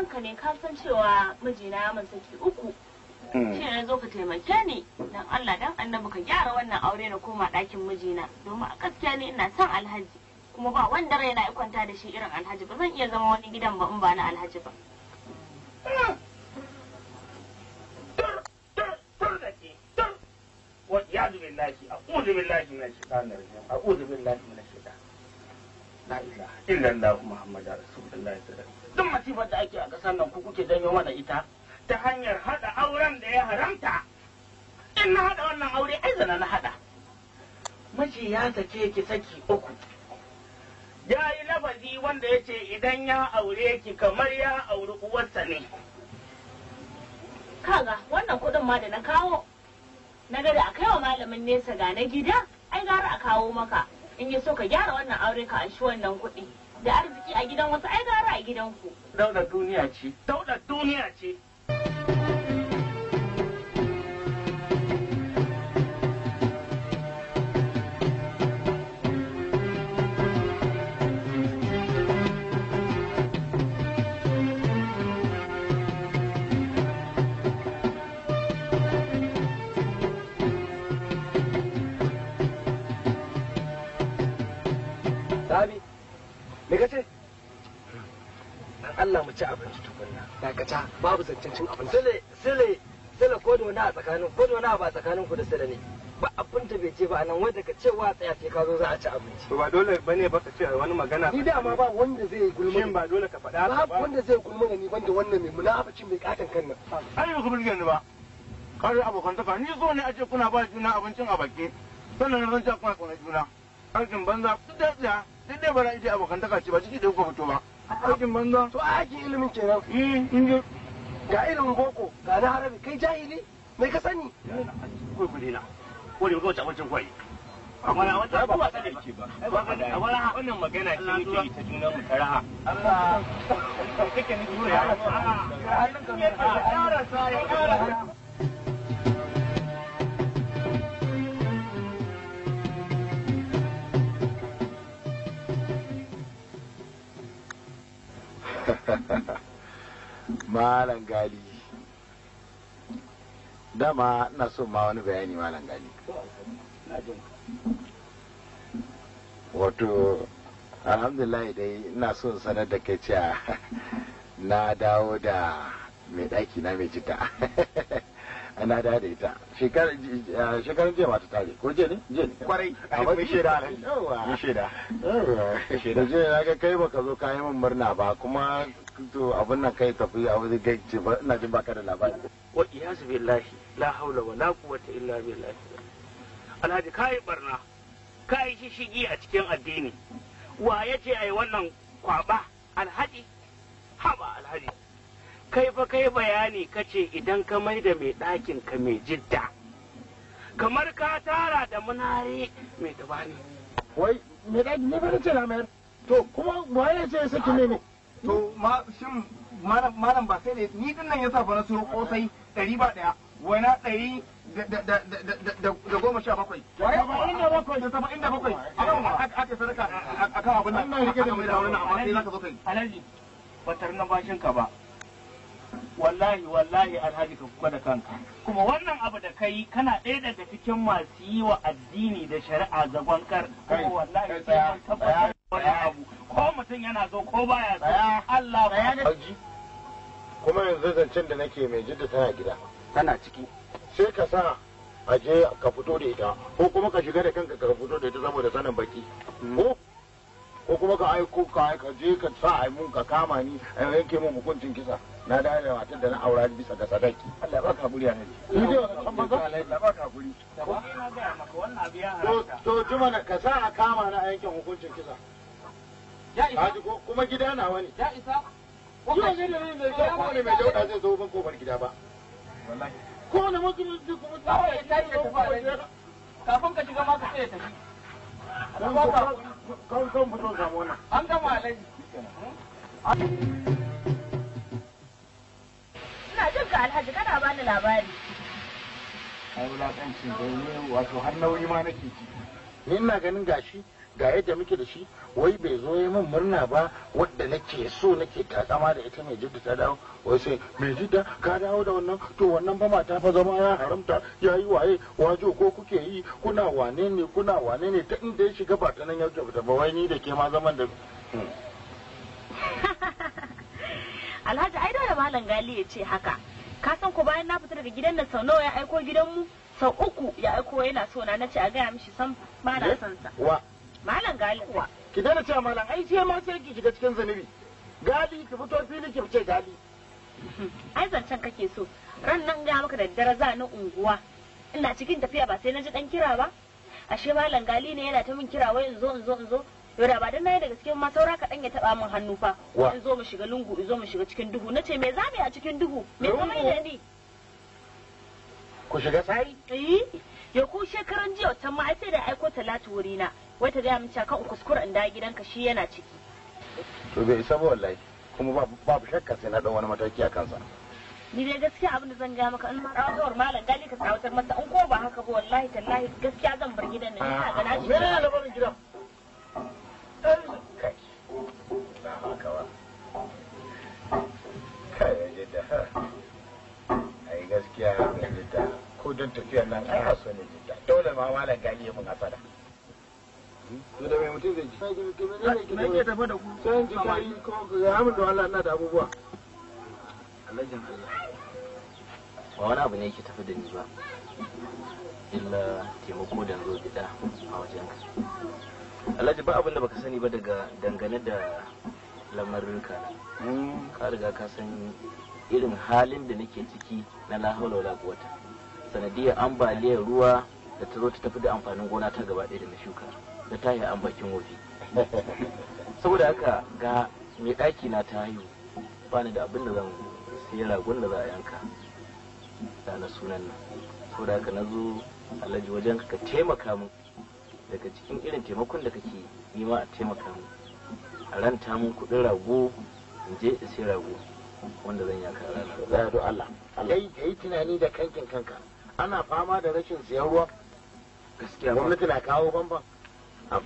kanka ne ka san cewa mijina ya saki uku shi ne zo ka taimake ni don Allah dan annabi ka gyara wannan aure na koma ɗakin mijina domin a gaskiya ne ina son alhaji kuma ba wanda raina ya kwanta da shi irin alhaji ba zan iya zama wani gidan ba in ba na alhaji ba والعياذ بالله أعوذ بالله من الشيطان الرجيم أعوذ بالله من الشيطان لا إله إلا الله محمد رسول الله صلى الله عليه وسلم duk masifar da ake a ƙasar nan ku kuke janyo mana ita ta hanyar haɗa auren da ya haramta in na haɗa wannan aure ai zana na haɗa miji ya sake ki saki uku ya yi lafazi wanda ya ce idan ya aure ki kamar ya auri uwarsa ne kaga wannan kuɗin ma da na kawo na ga da a wa malamin nesa ga na gida ai gara a kawo maka in yi so ka gyara wannan aure ka shi wannan kuɗi da arziki a gidan wasu ai gara a gidanku. Dauda duniya ce. Dauda duniya ce. babu zancen cin abinci sile sile sile ko da wani a tsakanin ko da wani ba tsakanin ku da sile ne ba abin da bai je ba nan wanda ka cewa tsaya ce ka zo za a ci abinci to ba dole bane ba ka ce wani magana ni da ma ba wanda zai gulma shin ba dole ka faɗa ba ba wanda zai gulma ni banda wannan mai munafacin mai katan kan nan ai ba ku burge ni ba kare abokantaka ni zo ne a ce kuna ba juna abincin a baki sannan na ce kuna kuna juna aikin banza duk da tsaya duk da bara ije abokantaka ce ba ciki da kuka fito ba aikin banza to ki ilimin kenan eh in ga irin boko ga na harabi kai jahili mai ka sani kulkulina wani mutuwa ta wancan wata ba ba na wannan magana ce muke yi ta juna mu taraha Allah kake ni jure ha ha ha malam gali dama ina so ma wani bayani malam gali wato alhamdulillah dai ina so sanar da kai cewa na dawo da mai ɗaki na mai jita ana da da ita shekarun eh, jiya mata tare ko je ne je ne kwarai amma mun shaida mun shida. shaida je na ga kai baka zo kayan murna ba kuma to abin nan kai tafi a wani ce ba ina jin baka da labari wa iyasu billahi la haula wala quwwata illa billahi alhaji kai barna kai shishigi a cikin addini wa yace ai wannan kwaba alhaji haba alhaji kai fa kai bayani kace idan ka mai da mai ɗakin ka mai jidda kamar ka tara da munare mai tabani wai mai ɗaki ne ba ce lamar to kuma wa ce sai ne ne to ma shin malam ba sai da ni din nan yasa ba na siyo kosai ɗari ba ɗaya waina ɗari da goma sha bakwai. in da bakwai. Da in da bakwai. Ake sadaka a kan abin nan. Ina rike da mai wani amma sai za ka zo kai. Alhaji, batar na bashinka ba. Wallahi, wallahi alhaji ka kuka da kanka. kuma wannan abu da kai kana ɗaya daga cikin masu yi wa addini da shari'a zagon kar kuma wallahi sai an tabbatar wani abu ko mutum yana zo ko baya zo Allah ba kuma yanzu zancen da nake mai jidda tana gida tana ciki sai ka sa a je ka fito da ita ko kuma ka shiga da kanka ka fito da ita saboda sanin baki mm. ko ko kuma ka aiko ka je ka sa a mun ka kama ni a yanke mun hukuncin kisa na dawo da matar da na aura bisa ga sadaki Allah baka hakuri a nabi ni dai wannan banza Allah baka hakuri to na ga maka wannan abu ya harata to juma na ka sa a kama na yankin hukuncin kisa ya isa kuma gida na wani. ya isa yau ne da ne mai kyau ko ne mai kyau zai zo ban kofar gida ba wallahi ko ne mutum duk mutum ya tashi ko ba kafin ka shiga ma ka sai ya tafi kan kan mutum samu wannan an gama alaji Thank you. Hmm? kana jin ka alhaji kana bani labari ai wulaƙanci ne wato har nauyi ma nake ci. ni ina ganin gashi ga yadda muke da shi wai bai zo yi min murna ba wadda nake so nake takama da ita mai jidda ta dawo wai sai mai jidda ka dawo da wannan to wannan ba mata fa zama ya haramta ya yi waye wajo ko kuke yi kuna wane ne kuna wane ne ta inda ya shiga ba ta nan ya ba wai ni da ke ma zaman da hmm. Alhaji malam gali ya ce haka ka san ko bayan na fita daga gidan nan sau nawa ya aiko gidanmu sau uku ya aiko yana so na nace a gaya mishi san ba na eh, san sa wa malam gali wa ki dana cewa malam ai sai ma sai ki shiga cikin zanubi gali ki fito fili ki fice gali ai zancen kake so ran nan ga maka da daddare za na unguwa ina cikin tafiya ba sai na ji dan kira ba ashe malam gali ne yana ta min kira wai in zo in zo in zo Yau ba dan nayi daga cikin ma saura ka dan ya taba min hannu fa. In zo mu shiga lungu, in zo mu shiga cikin duhu. Nace me zamu yi a cikin duhu? Me zama da ni? Ku shiga sai? Eh. Ya ku shekaran jiya wata ma sai da aiko talatu wuri na. Wai ta ga mun cewa kan kuskura in da gidanka shi yana ciki. To bai isa ba wallahi. Kuma babu shakka sai na dan wani mataki a kansa. ni dai gaskiya abin da zan ga maka in ma tsawar malam gali ka tsawatar masa in ko ba haka ba wallahi tallahi gaskiya zan bar gidan nan ina ga na shi ne labarin gidan gaskiya ga jidda ko don tafiyar nan ai haso ne jidda dole ma malam gani ya mun asara to da mai mutum zai ji mai ke tafa da ku sai ji kai ga da Allah da abubuwa alajin Allah ba wani abu ne yake tafi da ni ba illa taimako da zo bida a wajen ka alhaji ba abin da baka sani ba daga dangane da lamarin ka ka riga ka san irin halin da nake ciki na lahaula wala kuwata sanadiyar ambaliyar ruwa da ta zo ta tafi da amfanin gona ta gaba ɗaya da na shuka da ta yi an bakin wofi saboda haka ga mai ɗaki na ta haihu ba da abin da zan sai ragon da za a yanka da na sunan nan saboda haka na zo alhaji wajen ka taimaka min daga cikin irin taimakon da kake yi ma a taimaka mu a ranta mun kudin rago in je in sai rago wanda zan yaka rana a do Allah kai kai tunani da kankin kanka ana fama da rashin siyan ruwa gaskiya gwamnati na kawo bamban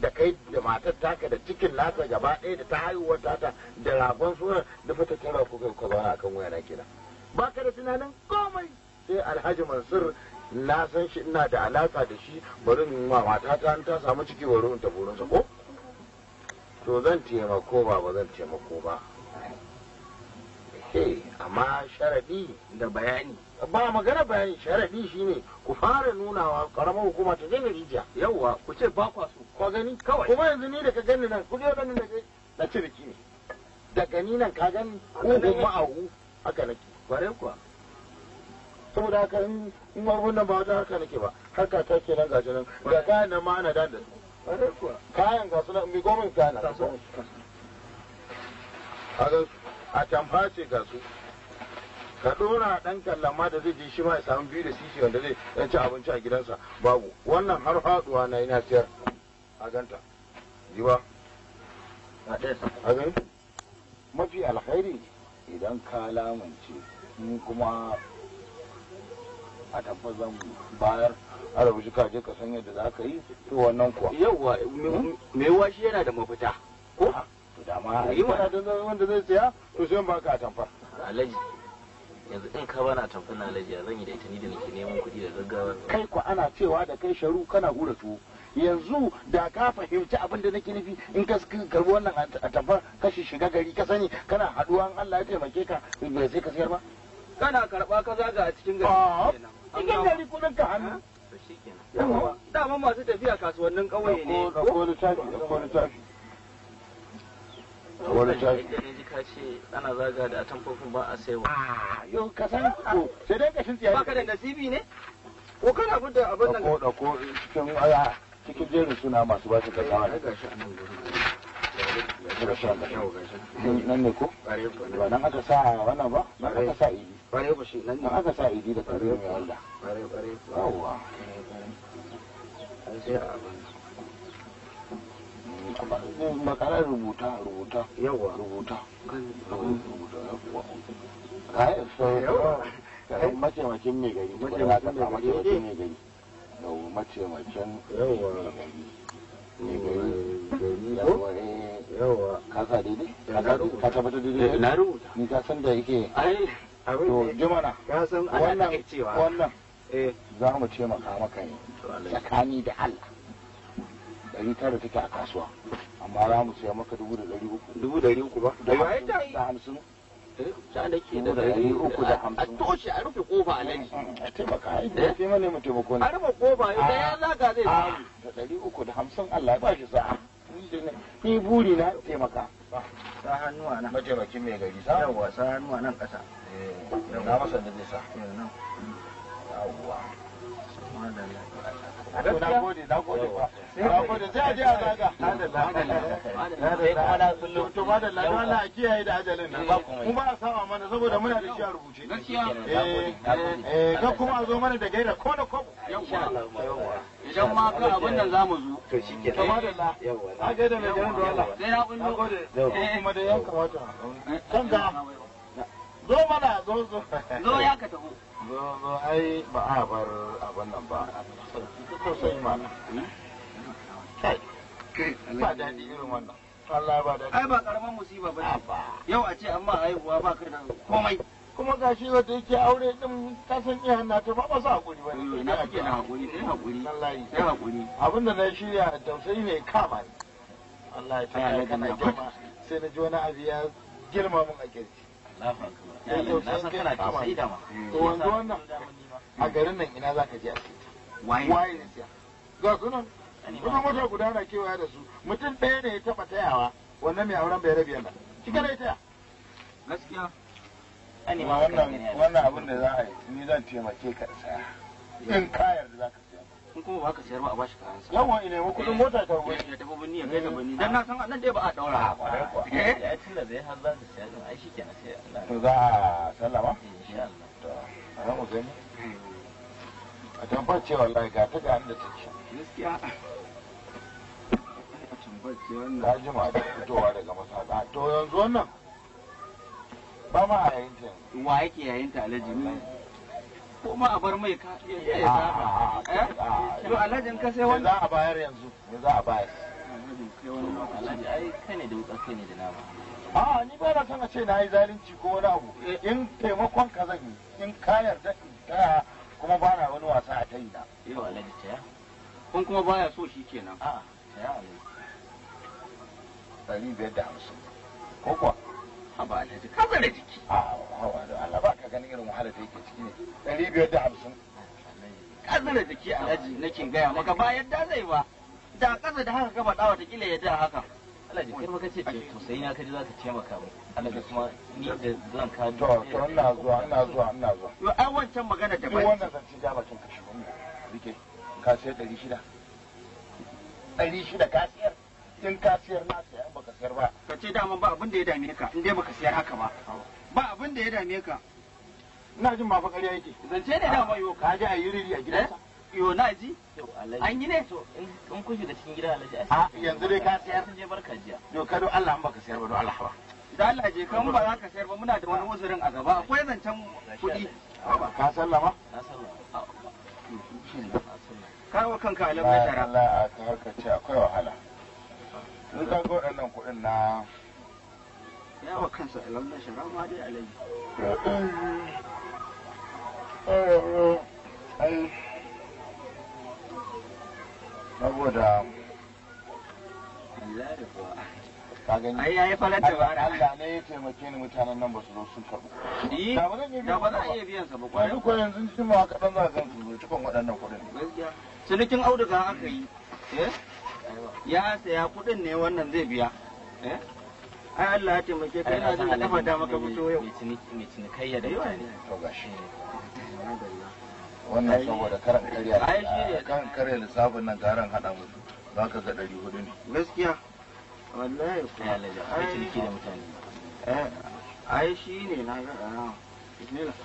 da kai da matar taka da cikin nasa gaba ɗaya da ta haihuwar tata da ragon sunan da fata tara kuka kai ku a akan wayana kenan ba ka da tunanin komai sai alhaji mansur na san shi ina da alaka da shi bari in ma matata an ta samu ciki bari ta burin sa ko to zan taimako ba ba zan taimako ba amma sharadi da bayani ba magana bayani sharadi shine ku fara nunawa karamar hukuma ta gani rijiya yauwa ku ce ba kwa su ko gani kawai kuma yanzu ni da ka gani nan ku je nan da na ce ne da gani nan ka gani ko ba a hu haka nake kware kuwa saboda haka in wannan ba wajen haka nake ba haka ta ke nan gashi nan da kayan nan ma ana da da kayan gasu nan mai goma kayan a ga a tamfa ce gasu ka dora dan kallama da zai je shi ma ya samu biyu da sisi wanda zai dan ci abinci a gidansa babu wannan har faduwa na ina siyar a ganta ji ba a gani mafi alkhairi idan ka lamance in kuma a tabbas zan bayar a rubuci ka ka san yadda za ka yi to wannan kuwa yawwa me shi yana da mafita ko ah, to da ma yi mana da wanda zai tsaya to sai ba ka tamfar alaji yanzu in ka bana tamfar na alaji zan yi da ita ni da nake neman kuɗi da gaggawa kai ko ana cewa da kai sharu kana gura tuwo yanzu da ka fahimci abin da nake nufi in ka karbi wannan a tabbar kashi shiga gari ka sani kana haduwa Allah ya taimake ka bai sai ka sayar ba kana karba ka zaga a cikin gari ah, cikin gari kudin ka hannu dama masu tafiya kasuwannin ƙauye ne da ko littafi da ko wani tashi ka ce ana zaga da atamfofin ba a saiwa ah, yau ka san ko sai dai kashin tsiyaye baka da nasibi ne ko kana gudda abin nan ko da ko cikin aya cikin jerin suna masu ba su da gashi a nan gurin nan ne ko ba nan aka sa wannan ba nan aka sa iya kware shi nan ne aka sa idi da wanda sai a abin mm, rubuta rubuta rubuta rubuta kai sai kai gari gari gari gari ka sa daidai ka daidai na rubuta ni ka san da yake ai to jimana wannan wannan eh. za mu ce maka maka ne tsakani da Allah ɗari tara take a kasuwa amma za mu siya maka dubu da ɗari uku dubu da ɗari uku ba da hamsin ta da eh, ke da ɗari uku da hamsin a toshe a rufe kofa a nan mm, mm, a taimaka a idan eh? ke mane mu taimako ne a rufe kofa idan ya ah, zaga zai ah, samu da ɗari uku da hamsin Allah ya ba shi sa'a ni buri na taimaka sa hannu a nan mataimakin mai gari sa yawwa sa hannu a nan ƙasa eh, na masa da zai sa yawwa madalla na gode na gode na gode sai a je a to ba da a kiyaye da kuma a da shi a rubuce ga da ko da mai garin da Allah sai na kullu gode kuma da yanka wata kan ga zo mana zo zo zo ya ka taho zo ai ba a bar abin nan ba ko sai mana kai ba daɗi irin wannan Allah ba daɗi ai ba karaman musiba ba yau a ce amma haihuwa ba kai da komai kuma ga shi wata yake aure din kasan iya na ta ba su hakuri ba ne eh, na ake na hakuri sai hakuri sai hakuri abinda na shirya tausayi ne kama ne Allah ya ta na jama sai na ji wani abu ya girma mun a kirki Allah na san kana da sai da ma mm. to wanda wannan a garin nan ina zaka je asibiti waye waye ne siya ga sunan kuma mota guda na kewaya da su mutum ɗaya ne ya taɓa tayawa wannan mai auren bai rabiya nan shi kada ya taya gaskiya wannan abin da za a yi ni zan taimake ka tsaya in kayar da za ka in kuma ba ka sayar ba a bashi kayan sa yawa ina kudin mota ta eh, ya tafi binni ya kai ta eh, bani. dan na san nan dai ba a daura ah, eh? eh ya tunda zai har za sayar ai shikenan sai Allah to za a sallama insha Allah to mu gani a tambar ce wallahi ga ta ga inda take gaskiya a tambar ce wannan ta jima da fitowa daga masaka to yanzu wannan ba ma a yayin ta wa yake yayin ta alaji ne ko ma a bar mai ka to alhajin ka sai wani za a bayar yanzu me za a bayar alhaji ai kai ne da wuka kai ne da nama a ah, ni ba na son a ce na yi zalunci ko wani abu eh. in taimakon ka zan yi in ka yarda in taya kuma ba na wani wasa a tayi na yau alhaji taya kun kuma baya so shi kenan a'a ah, taya alhaji ɗari biyar da hamsin ko kuwa haba alhaji ka da jiki a ah, haba da Allah ba ka ganin irin wahala da yake ciki ne ɗari biyar da hamsin ka da jiki alhaji nake gaya maka ba yadda zai ba da ƙasa da haka gaba ɗawa ta kila yadda haka alhaji kai maka ce to sai na kaji za ka taimaka mu alhaji kuma ni da zan ka to to ina zuwa ina zuwa ina zuwa to ai wancan magana da bai wannan zance ja bakin ka shi wannan rike ka sai ɗari shida ɗari shida ka siyar cikin ka na baka siyar ba ka ce dama ba abin da ya dame ka inda baka siyar haka ba ba abin da ya dame ka ina jin ba fakari yake zance ne dama yo ka ji a yi riri a gidansa eh? yo na ji an yi ne to in kun shiga cikin gida alaji a yanzu dai ka sun je barka jiya yo ka do Allah an baka siyar ba do Allah ba da Allah je kan ba za ka sayar ba muna da wani uzurin a gaba akwai zancen kuɗi ka sallama ka sallama kawo kanka alamar tara Allah ka harkace akwai wahala in ka ga waɗannan kuɗin na yawa kansa alamda shara dai alayi ai saboda ka gani ai yayi falata ba Allah ne ya taimake ni mutanen nan ba su zo sun karbu da ba zan iya biyan sa ba kwai duk yanzu cikin ma kadan za zan su cikin waɗannan kuɗin gaskiya cinikin auduga aka yi eh ya saya kudin ne wannan zai biya eh ai Allah ya taimake ka ina jin kafa da maka fito yau mai cini cini mai kai ya da yawa ne to gashi wannan saboda karan kariya ai shi ne kan karya lissafin nan garan hada musu baka ga 400 ne gaskiya wallahi ko ya lalle ai ciniki da mutane eh ai shi ne na ga bismillah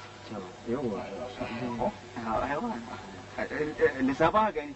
yawa yawa lissafa gani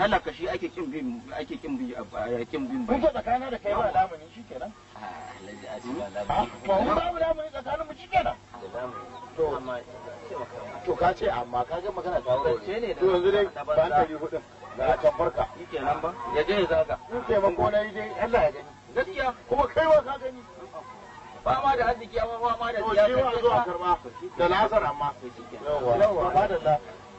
talaka shi ake kin bin ake kin bin ya kin bin bai kuka tsakana da kai ba lamuni shikenan a ah, alhaji a cikin hmm? lamuni ah, to ba babu lamuni tsakanin mu shikenan da lamuni to amma to ka ce amma ka ga magana ta wuce ne to yanzu dai ba ban tari hudun na can farka shikenan ba ya je ya zaga in ke na yi dai Allah ya gani gaskiya kuma kai ba ka gani ba ma da arziki amma ba ma da siyasa to shi wa zuwa karba da nasar amma yawa yawa ba da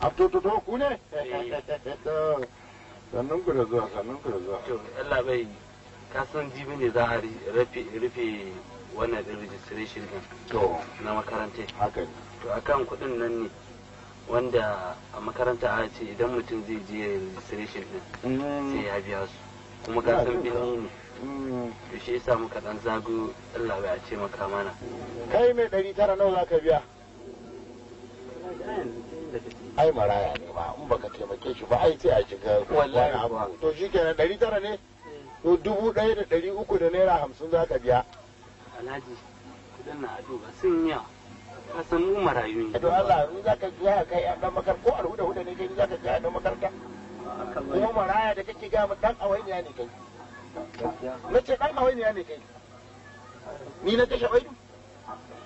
a to ku ne sannan ku da zuwa sannan ku da zuwa to Allah bai ka san jibi ne za a rufe wannan din registration din to na makaranta haka to akan kudin nan ne wanda a makaranta a ce idan mutum zai je registration din sai ya biya su kuma ka san bilin ne to shi yasa muka dan zago Allah bai a ce maka mana kai mai 900 nawa zaka biya ai maraya ne ba in baka taimake shi ba ai sai a shiga wani abu to shi kenan ɗari tara ne to dubu ɗaya da ɗari uku da naira hamsin za ka biya alhaji kuɗin na ado ba sun yawa ka san mu marayu ne to Allah in za ka ga kai a dan makar ko alhuda huda ne kai za ka a ɗan makaranta kuma maraya da kake gama dan awainiya ne kai na ce dan awainiya ne kai ni na kashe waidu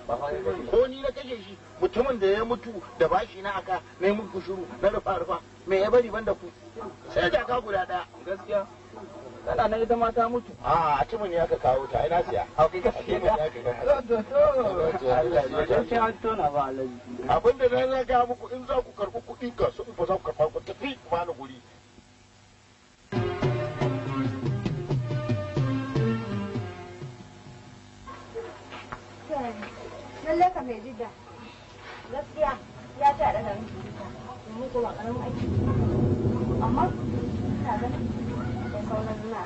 ko ni na kashe shi mutumin da ya mutu da bashi na aka na yi muku shuru na rufa rufa me ya bari banda ku sai da ka guda daya gaskiya kana na ita mata ta mutu a a ya ka kawo ta ina siya abin da na ga muku in za ku karɓi kuɗi ga su ba za ku karɓa ku tafi ba na guri lalle mai jidda gaskiya ya ci a daga mu kuma karamin aiki amma ina ganin da sauran na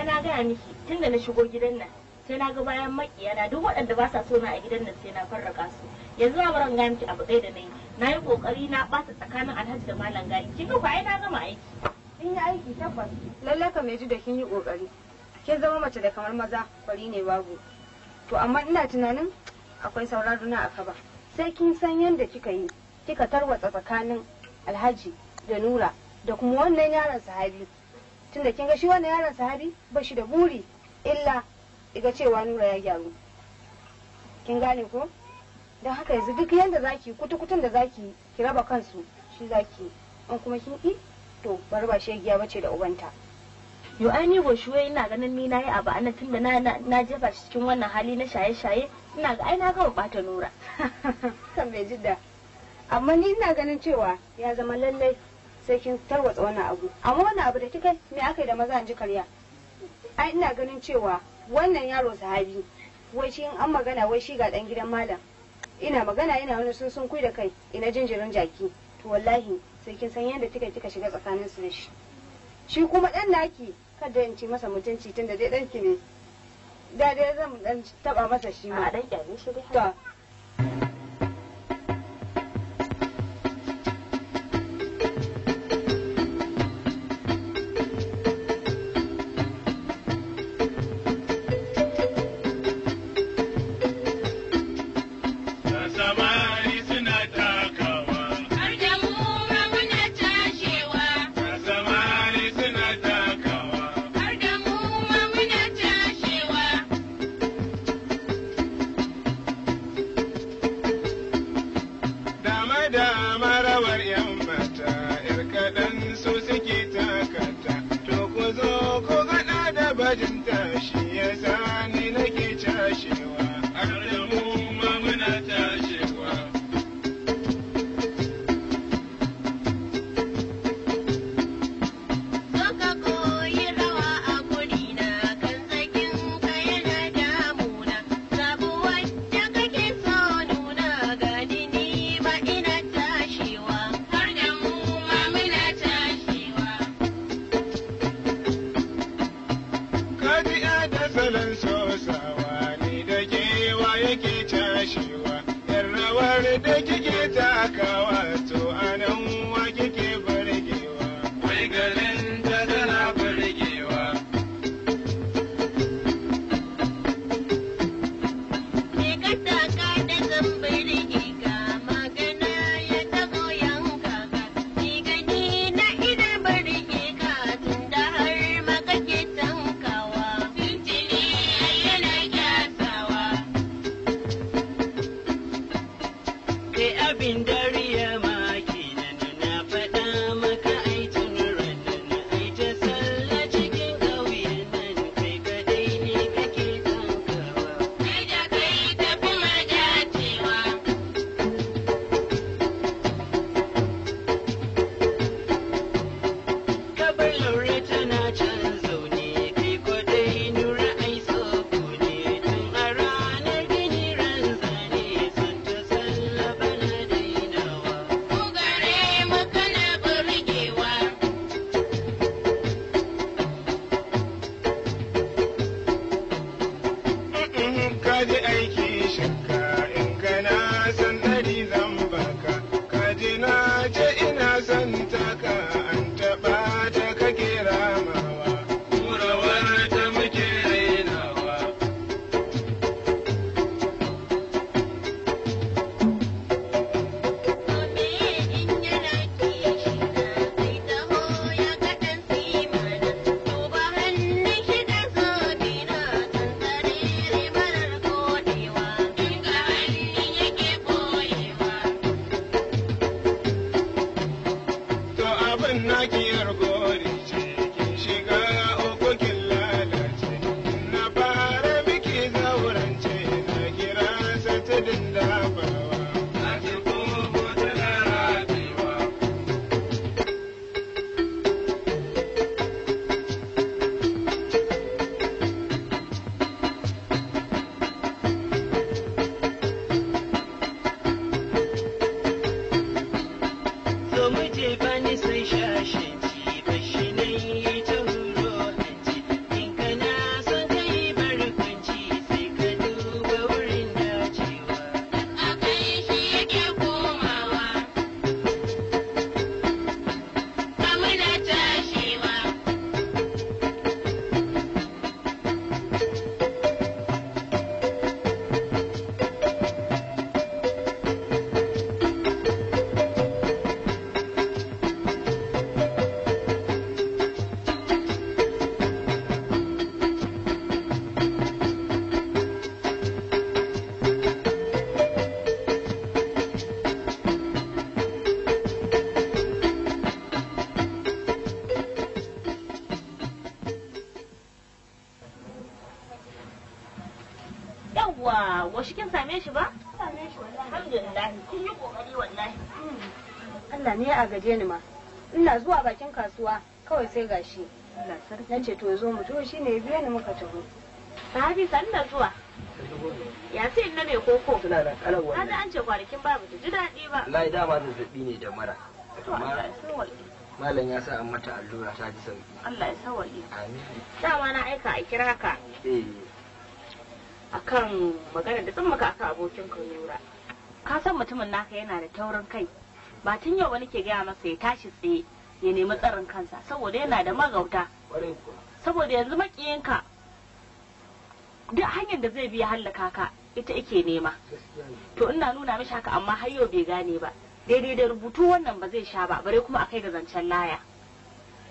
ana gaya miki tunda na shigo gidan nan sai na ga bayan makiyana duk waɗanda ba sa sona a gidan nan sai na farraka su yanzu ma baran gaya miki abu ɗaya da nayi na yi ƙoƙari na ɓata tsakanin alhaji da malam gari kin ga ai na gama aiki kin yi aiki tabbas lallaka ka mai ji da kin yi ƙoƙari kin zama mace da kamar maza fari ne babu to amma ina tunanin akwai sauran na a kaba sai kin san yadda kika yi kika tarwatsa tsakanin alhaji da nura da kuma wannan yaron sahabi tunda kin ga shi wannan yaron sahabi ba shi da buri illa iga cewa nura ya gyaru kin gane ko don haka yanzu duk yadda zaki kutukutun da zaki ki raba kansu shi zaki in kuma kin ki to bari ba shegiya bace da ubanta yo ai ni goshi wai ina ganin ni nayi abu anan tunda na na jefa shi cikin wannan hali na shaye-shaye ina ga ai na gama bata nura kan bai jidda amma ni ina ganin cewa ya zama lallai sai kin tarwatsa wannan abu amma wannan abu da kika me aka yi da maza an ji karya ai ina ganin cewa wannan yaro sahabi wai shi in an magana wai shi ga dan gidan malam ina magana ina wani sun sun kui da kai ina jinjirin jaki to wallahi sai kin san yadda kika kika shiga tsakanin su da shi shi kuma dan naki kada in ci masa mutunci tunda dai danki ne da dai zan dan masa shi ma a dan kyale shi dai kaji aiki gaje ni ma ina zuwa bakin kasuwa kawai sai gashi na ce to zo mu to shi ya biya ni muka taho sahabi san da zuwa ya ce na mai koko suna da an ce kwanakin babu ji daɗi ba lai dama zabi ne da mara malam ya sa an mata allura ta ji sauki Allah ya sawaye amin dama na aika a kira ka eh akan magana da tsin aka abokin ka ka san mutumin naka yana da taurin kai ba tun yau wani ke gaya masa ya tashi tsaye ya nemi tsarin kansa saboda yana da magauta saboda yanzu makiyinka duk hanyar da zai biya hallaka ka ita ike nema to ina nuna mishi haka amma har yau bai gane ba daidai da rubutu wannan ba zai sha ba bare kuma akai ga zancen laya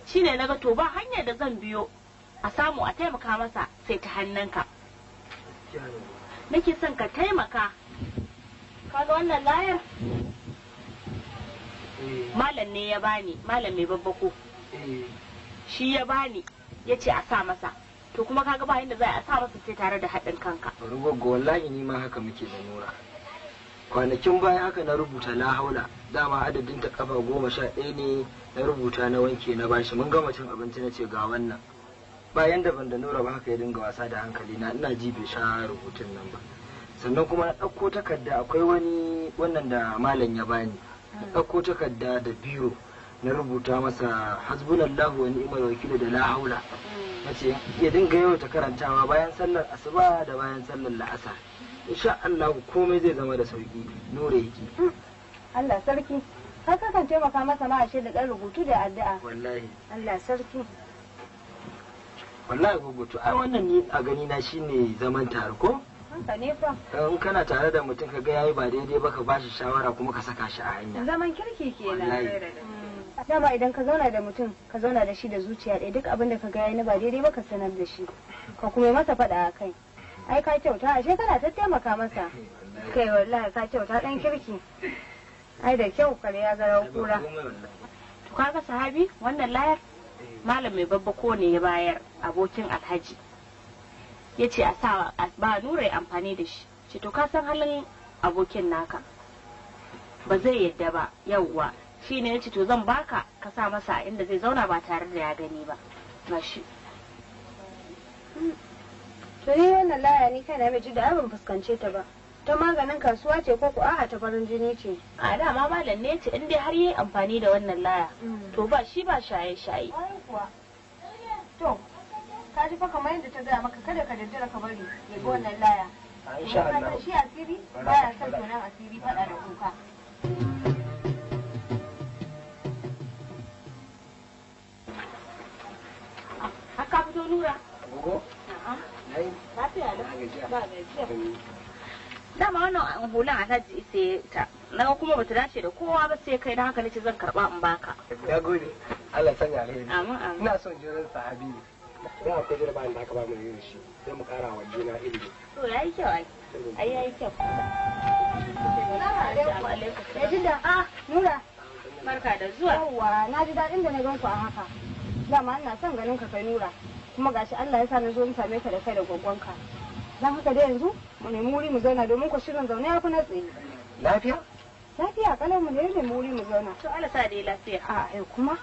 shine ga to ba hanyar da zan biyo a samu a taimaka masa sai ta hannunka nake son ka taimaka kaga wannan layar malam ne ya bani malam mai babbako shi ya bani ya ce a sa masa to kuma kaga ba inda za a sa masa sai tare da haɗin kanka rugwaggo wallahi ni ma haka muke da nura kwanakin baya haka na rubuta na haula dama adadin ta kafa goma sha ɗaya ne na rubuta na wanke na bashi mun gama cin abinci na ce ga wannan bayan da ban da nura ba haka ya dinga wasa da hankali na ina ji bai sha rubutun nan ba sannan kuma na ɗauko takarda akwai wani wannan da malam ya bani ɗauko takarda da biro na rubuta masa hasbunallahu wa ni'mal wakil da la haula nace ya dinga yau ta karantawa bayan sallar asuba da bayan sallar la'asar insha Allah komai zai zama da sauki nore yake Allah sarki har kan taimaka masa ma ashe da dan rubutu da addu'a wallahi Allah sarki wallahi gugutu ai wannan ni a gani na shine zaman tare ko Eh, in kana tare da mutum ka ga yayi ba daidai ba ka bashi shawara kuma ka saka shi a hanya zaman kirki kenan dama idan ka zauna da mutum ka zauna da shi da zuciya ɗaya duk abin da ka ga yayi na ba daidai ba ka sanar da shi ka kuma masa faɗa a kai ai ka kyauta ashe kana ta taimaka masa kai wallahi ka kyauta ɗan kirki ai da kyau kare ya garau kura to kaga sahabi wannan layar malam mai babba ko ne ya bayar abokin alhaji ya ce a sa ba nura ya amfani da shi ce to ka halin abokin naka ba zai yadda ba yauwa shi ne ya ce to zan baka ka sa masa inda zai zauna ba tare da ya gani ba ba shi to ni wannan laya ni kai na mai da abin fuskance ta ba ta maganin kasuwa ce ko ku ta farin jini ce a da ma malam ne ce in dai har yi amfani da wannan laya mm. to ba shi ba shaye shaye ka ji fa kamar yadda ta gaya maka kada ka daddara ka bari ya ga wannan laya insha Allah shi asiri baya son tonan asiri faɗa da kuka haka fito nura gogo dama wannan ise ta naga kuma bata dace da kowa ba sai kai da haka nace zan karba in baka ya gode Allah sanya alheri amin amin ina son jiran sahabi ne da akwai jarabawan da aka ba mu yin shi mu kara wa juna ilimi to kyau ai ai kyau ya ji da a nura barka da zuwa yawwa na ji daɗin da na gan ku a haka dama ina son ganin ka kai nura kuma gashi Allah ya sa na zo in same ka da kai da gwaggonka dan haka da yanzu mu nemi wuri mu zauna domin ku shirin zaune ya tsaye lafiya lafiya mu wuri mu zauna to Allah sa dai lafiya kuma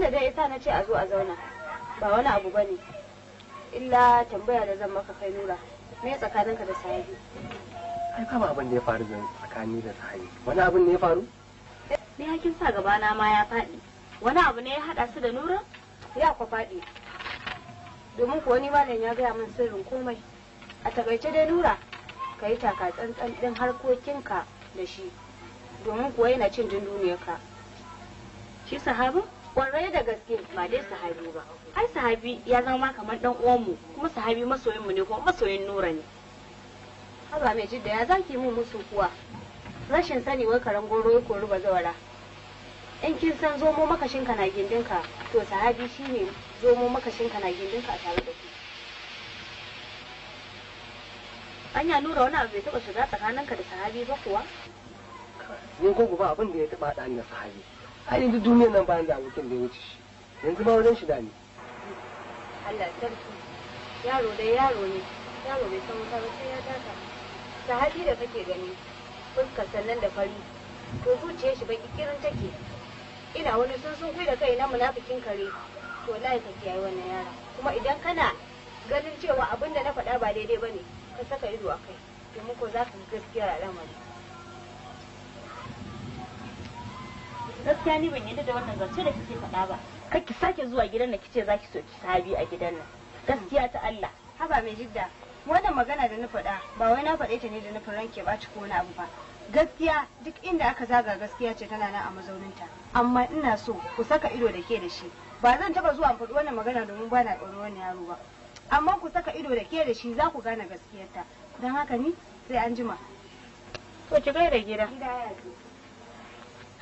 wanda da dai na ce a zo a zauna ba wani abu bane illa tambaya da zan maka kai nura me tsakaninka da sahibi ai ba abin da ya faru zan tsakani da sahibi wani abin ne ya faru ya hakin sa gaba na ma ya faɗi wani abu ne ya haɗa su da nura ya kwa faɗi domin kuwa ni malam ya gaya min sirrin komai a takaice dai nura ka yi taka tsantsan ɗin harkokinka da shi domin kuwa yana cin ka shi sahabin kwarai da gaske ba dai sahabi ba ai sahabi ya zama kamar dan uwanmu kuma sahabi masoyin mu ne kuma masoyin nura ne haba mai jidda ya zaki mu musu kuwa rashin sani wai karan goro ko ruba zawara in kin san zomo ka na gindinka to sahabi shine zomo ka na gindinka a tare da ku anya nura wani abu bai taba shiga tsakaninka da sahabi ba kuwa ni ko ba abin da ya taba da sahabi ai yanzu duniyar nan bayan da abokin da ya wuce shi yanzu ba wajen da ne Allah sarki yaro dai yaro ne yaro bai san wuta ba sai ya taka sahabi da kake gani fuskar sannan da fari to zuciyar shi baki kirin take ina wani sun sun kai da kai na munafikin kare to wallahi ka kiyaye wannan yaro kuma idan kana ganin cewa abin da na faɗa ba daidai ba ne ka saka ido a kai domin ko za ka gaskiya a al'amari gaskiya ni ban yadda da wannan zance da kike faɗa ba kar ki sake zuwa gidan nan kice zaki soki sabi a gidan nan gaskiya ta Allah haba mai jidda wannan magana da na faɗa ba wai na faɗe ta ne da nufin ranke ba ci ko wani abu ba gaskiya duk inda aka zaga gaskiya ce tana nan a mazauninta amma ina so ku saka ido da ke da shi ba zan taba zuwa faɗi wannan magana domin ba na tsoro wani yaro ba amma ku saka ido da ke da shi za ku gane gaskiyarta don haka ni sai an jima to ki gaira gida gida ya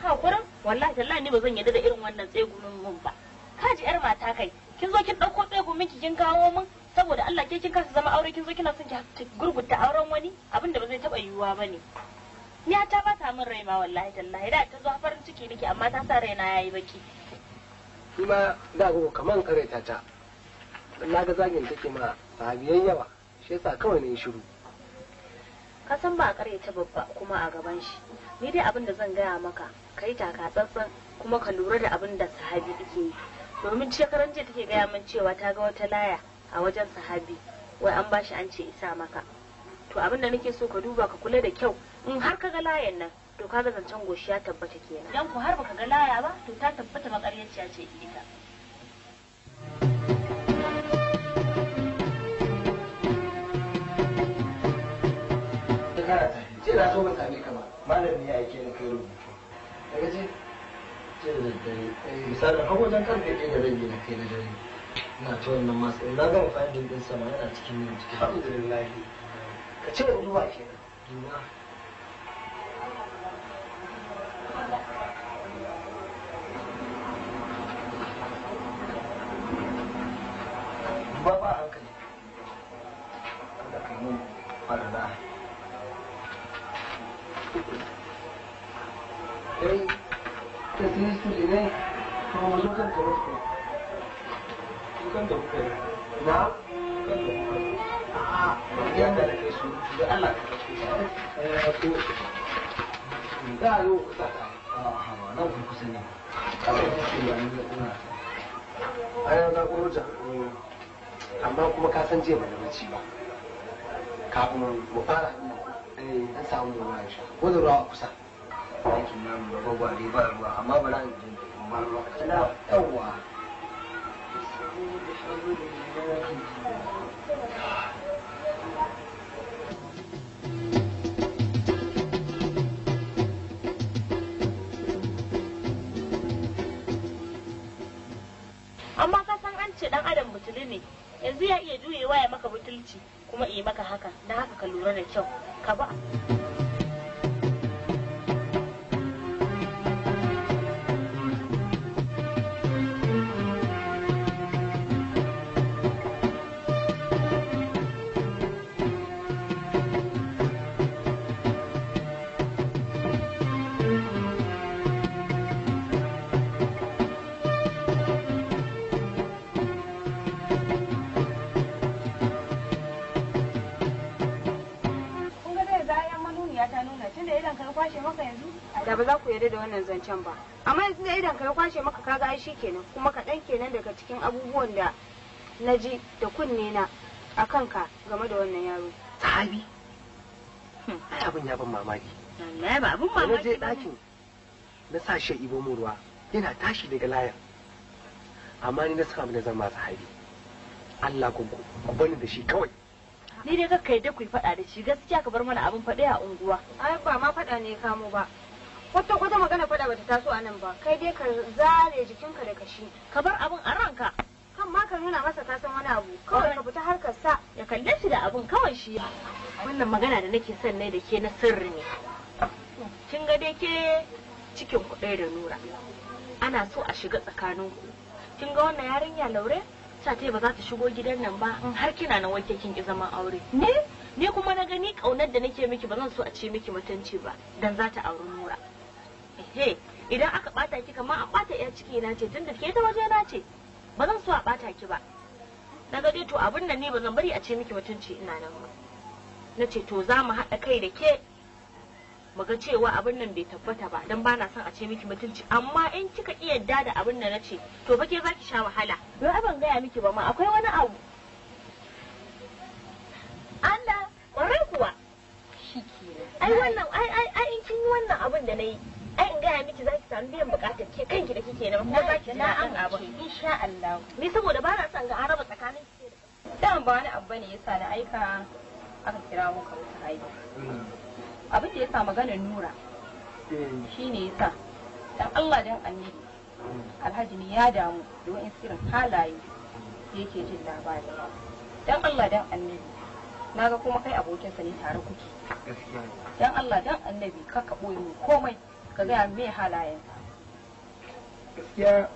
hakurin wallahi tallahi ni ba zan yadda da irin wannan tsegumin mun ba kaji yar mata kai kin zo kin dauko tsegumin ki kin kawo mun saboda Allah ke kin kasa zama aure kin zo kina son ki gurgurta auren wani abin da ba zai taba yiwuwa bane ne ta ba ta min rai ma wallahi tallahi da ta zo farin ciki nake amma ta sa raina yayi baki kuma da go kaman kareta ta na ga zagin take ma sahabiyai yawa shi yasa kawai ne shiru ka san ba ta babba kuma a gaban shi ni dai abin da zan gaya maka ka yi taka tsantsan kuma ka lura da abin da sahabi yake yi domin shekaran jiya take gaya min cewa ta ga wata laya a wajen sahabi wai an bashi an ce isa maka to abin da nake so ka duba ka kula da kyau in har ka ga layan nan to ka zancen goshi ya tabbata kenan idan ku har baka ga laya ba to ta tabbata makaryaciya ce ita Jiya na so ban same ka malam ya aike ni kai rubutu. daga ce ce da daddare eh misali har wajen karfe ɗaya da rabi na kai na dare ina ta wannan masu na gama findin din sama yana cikin yin cikin alhamdulillah ka ce duba kenan duba na da su da Allah ta amma kuma ka san jiya bada bacci ba kafin mu fara an samu ruwa ya sha ruwa kusa wannan zancen ba amma yanzu da idan ka ya kwashe maka kaga ai kenan kuma ka dan kenan daga cikin abubuwan da naji da kunne na akan ka game da wannan yaro sahabi hmm, ai abin ya ban mamaki wallahi ba abin mamaki je dakin na sa shi ibo mu ruwa yana tashi daga layar amma ni na saka mu da zama sahabi Allah ku ku bani da shi kawai ni dai kakkai da ku yi faɗa da shi gaskiya ka bar mana abin faɗe a unguwa ai ba ma faɗa ne kamo ba kwata kwata magana fada bata taso a nan ba kai dai ka zare jikinka da kashi ka bar abun a ranka kan ma ka nuna masa kasan wani abu kawai ka fita harkar sa ya kalle shi da abin kawai shi wannan magana da nake son ne da ke na sirri ne kin ga dai ke cikin ɗaya da nura ana so a shiga tsakanin ku kin ga wannan yarinya laure ta ta ba za ta shigo gidan nan ba in har kina na wanke kin ki zaman aure ne ne kuma na gani kaunar da nake miki ba zan so a ce miki mutunci ba dan za ta auri nura ehe idan aka bata ki kamar an bata yar ciki na ce tunda ke ta waje na ce ba zan so a bata ki ba na ga to abin nan ne ba zan bari a ce miki mutunci ina nan ba na ce to za mu haɗa kai da ke mu ga cewa abin nan bai tabbata ba dan bana son a ce miki mutunci amma in kika iya yarda da abin na ce to ba ke zaki sha wahala don ai ban gaya miki ba ma akwai wani abu Allah kwarai kuwa Shi ai wannan ai ai ai in kin wannan abin da na yi. ai in gaya miki za ki samu biyan bukatar ke kanki da kike nan kuma ki na an abu insha Allah ni saboda ba na son ga araba tsakanin ki da ba wani abu bane yasa na aika aka kira mu ka wuce aiki abin da yasa maganar nura shine yasa dan Allah dan annabi alhaji ne ya damu da wa'in sirrin halaye yake jin labari dan Allah dan annabi naga kuma kai abokinsa ne tare kuke dan Allah dan annabi ka ka boye komai ka ga me halayen gaskiya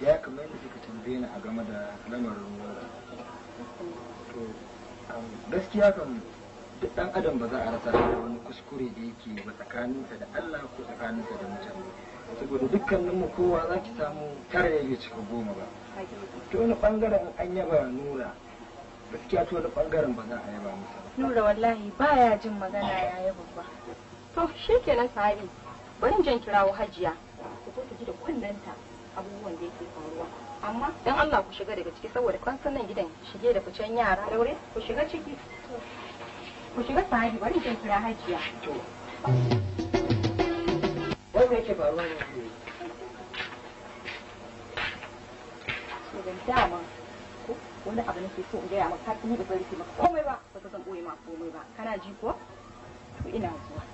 ya kamar da kika tambaye ni a game da lamarin wura to um, gaskiya kan duk dan adam ba za a rasa da wani kuskure da yake ba tsakaninsa da Allah ko tsakaninsa da mutane saboda dukkanin mu kowa za ki samu tare ya yake cika goma ba to wani bangaren an yaba nura gaskiya to wani bangaren ba za a yaba Musa. nura wallahi ba ya jin magana ya yaba ba to shikenan sa'i bari jan kirawo hajiya ku zo ku ji da ta abubuwan da yake faruwa amma dan Allah ku shiga daga ciki saboda kan sannan gidan shige da ficen yara daure ku shiga ciki ku shiga sahibi bari jan kira hajiya wai me yake faruwa ne dama ko wani abu nake so in gaya maka ka ni da bari maka komai ba ba zan boye maka komai ba kana ji ko to ina zuwa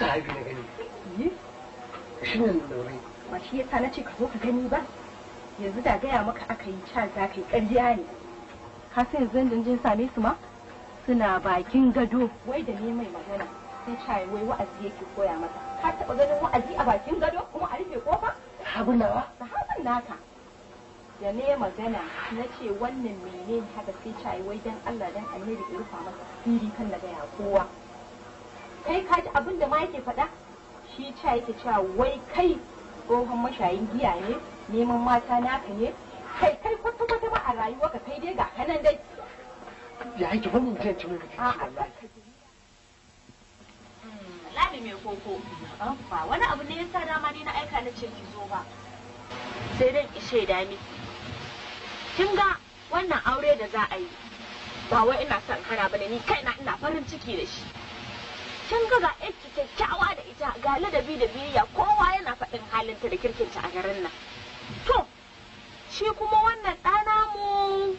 ai yasa na ce ka gani yanzu da gaya maka aka yi ca za ka yi ƙarya ne ka san yanzu yadda jin same su ma suna bakin gado wai da ne mai magana sai cayi wai wa'azi yake koya mata ka taɓa ganin wa'azi a bakin gado kuma a rufe kofa sahabin nawa sahabin naka da ne magana na ce wannan menene haka sai cayi wai dan Allah dan annabi ya rufa masa fili kan na gaya kowa kai ka ji abin da ma yake faɗa shi ca yake cewa wai kai tsohon mashayin giya ne neman mata naka ne kai kai kwata kwata ma a rayuwa ka kai dai ga kanan dai ya yake wani mutum ya ci mai mutum mai koko wani abu ne ya sa dama ni na aika na ce ki ba sai dai ishe da kin ga wannan aure da za a yi ba wai ina son hana bane ni kaina ina farin ciki da shi kin ga ga yacce kyakkyawa da ita ga ladabi da biyayya kowa yana faɗin halinta da kirkinta a garin nan to shi kuma wannan ɗana mu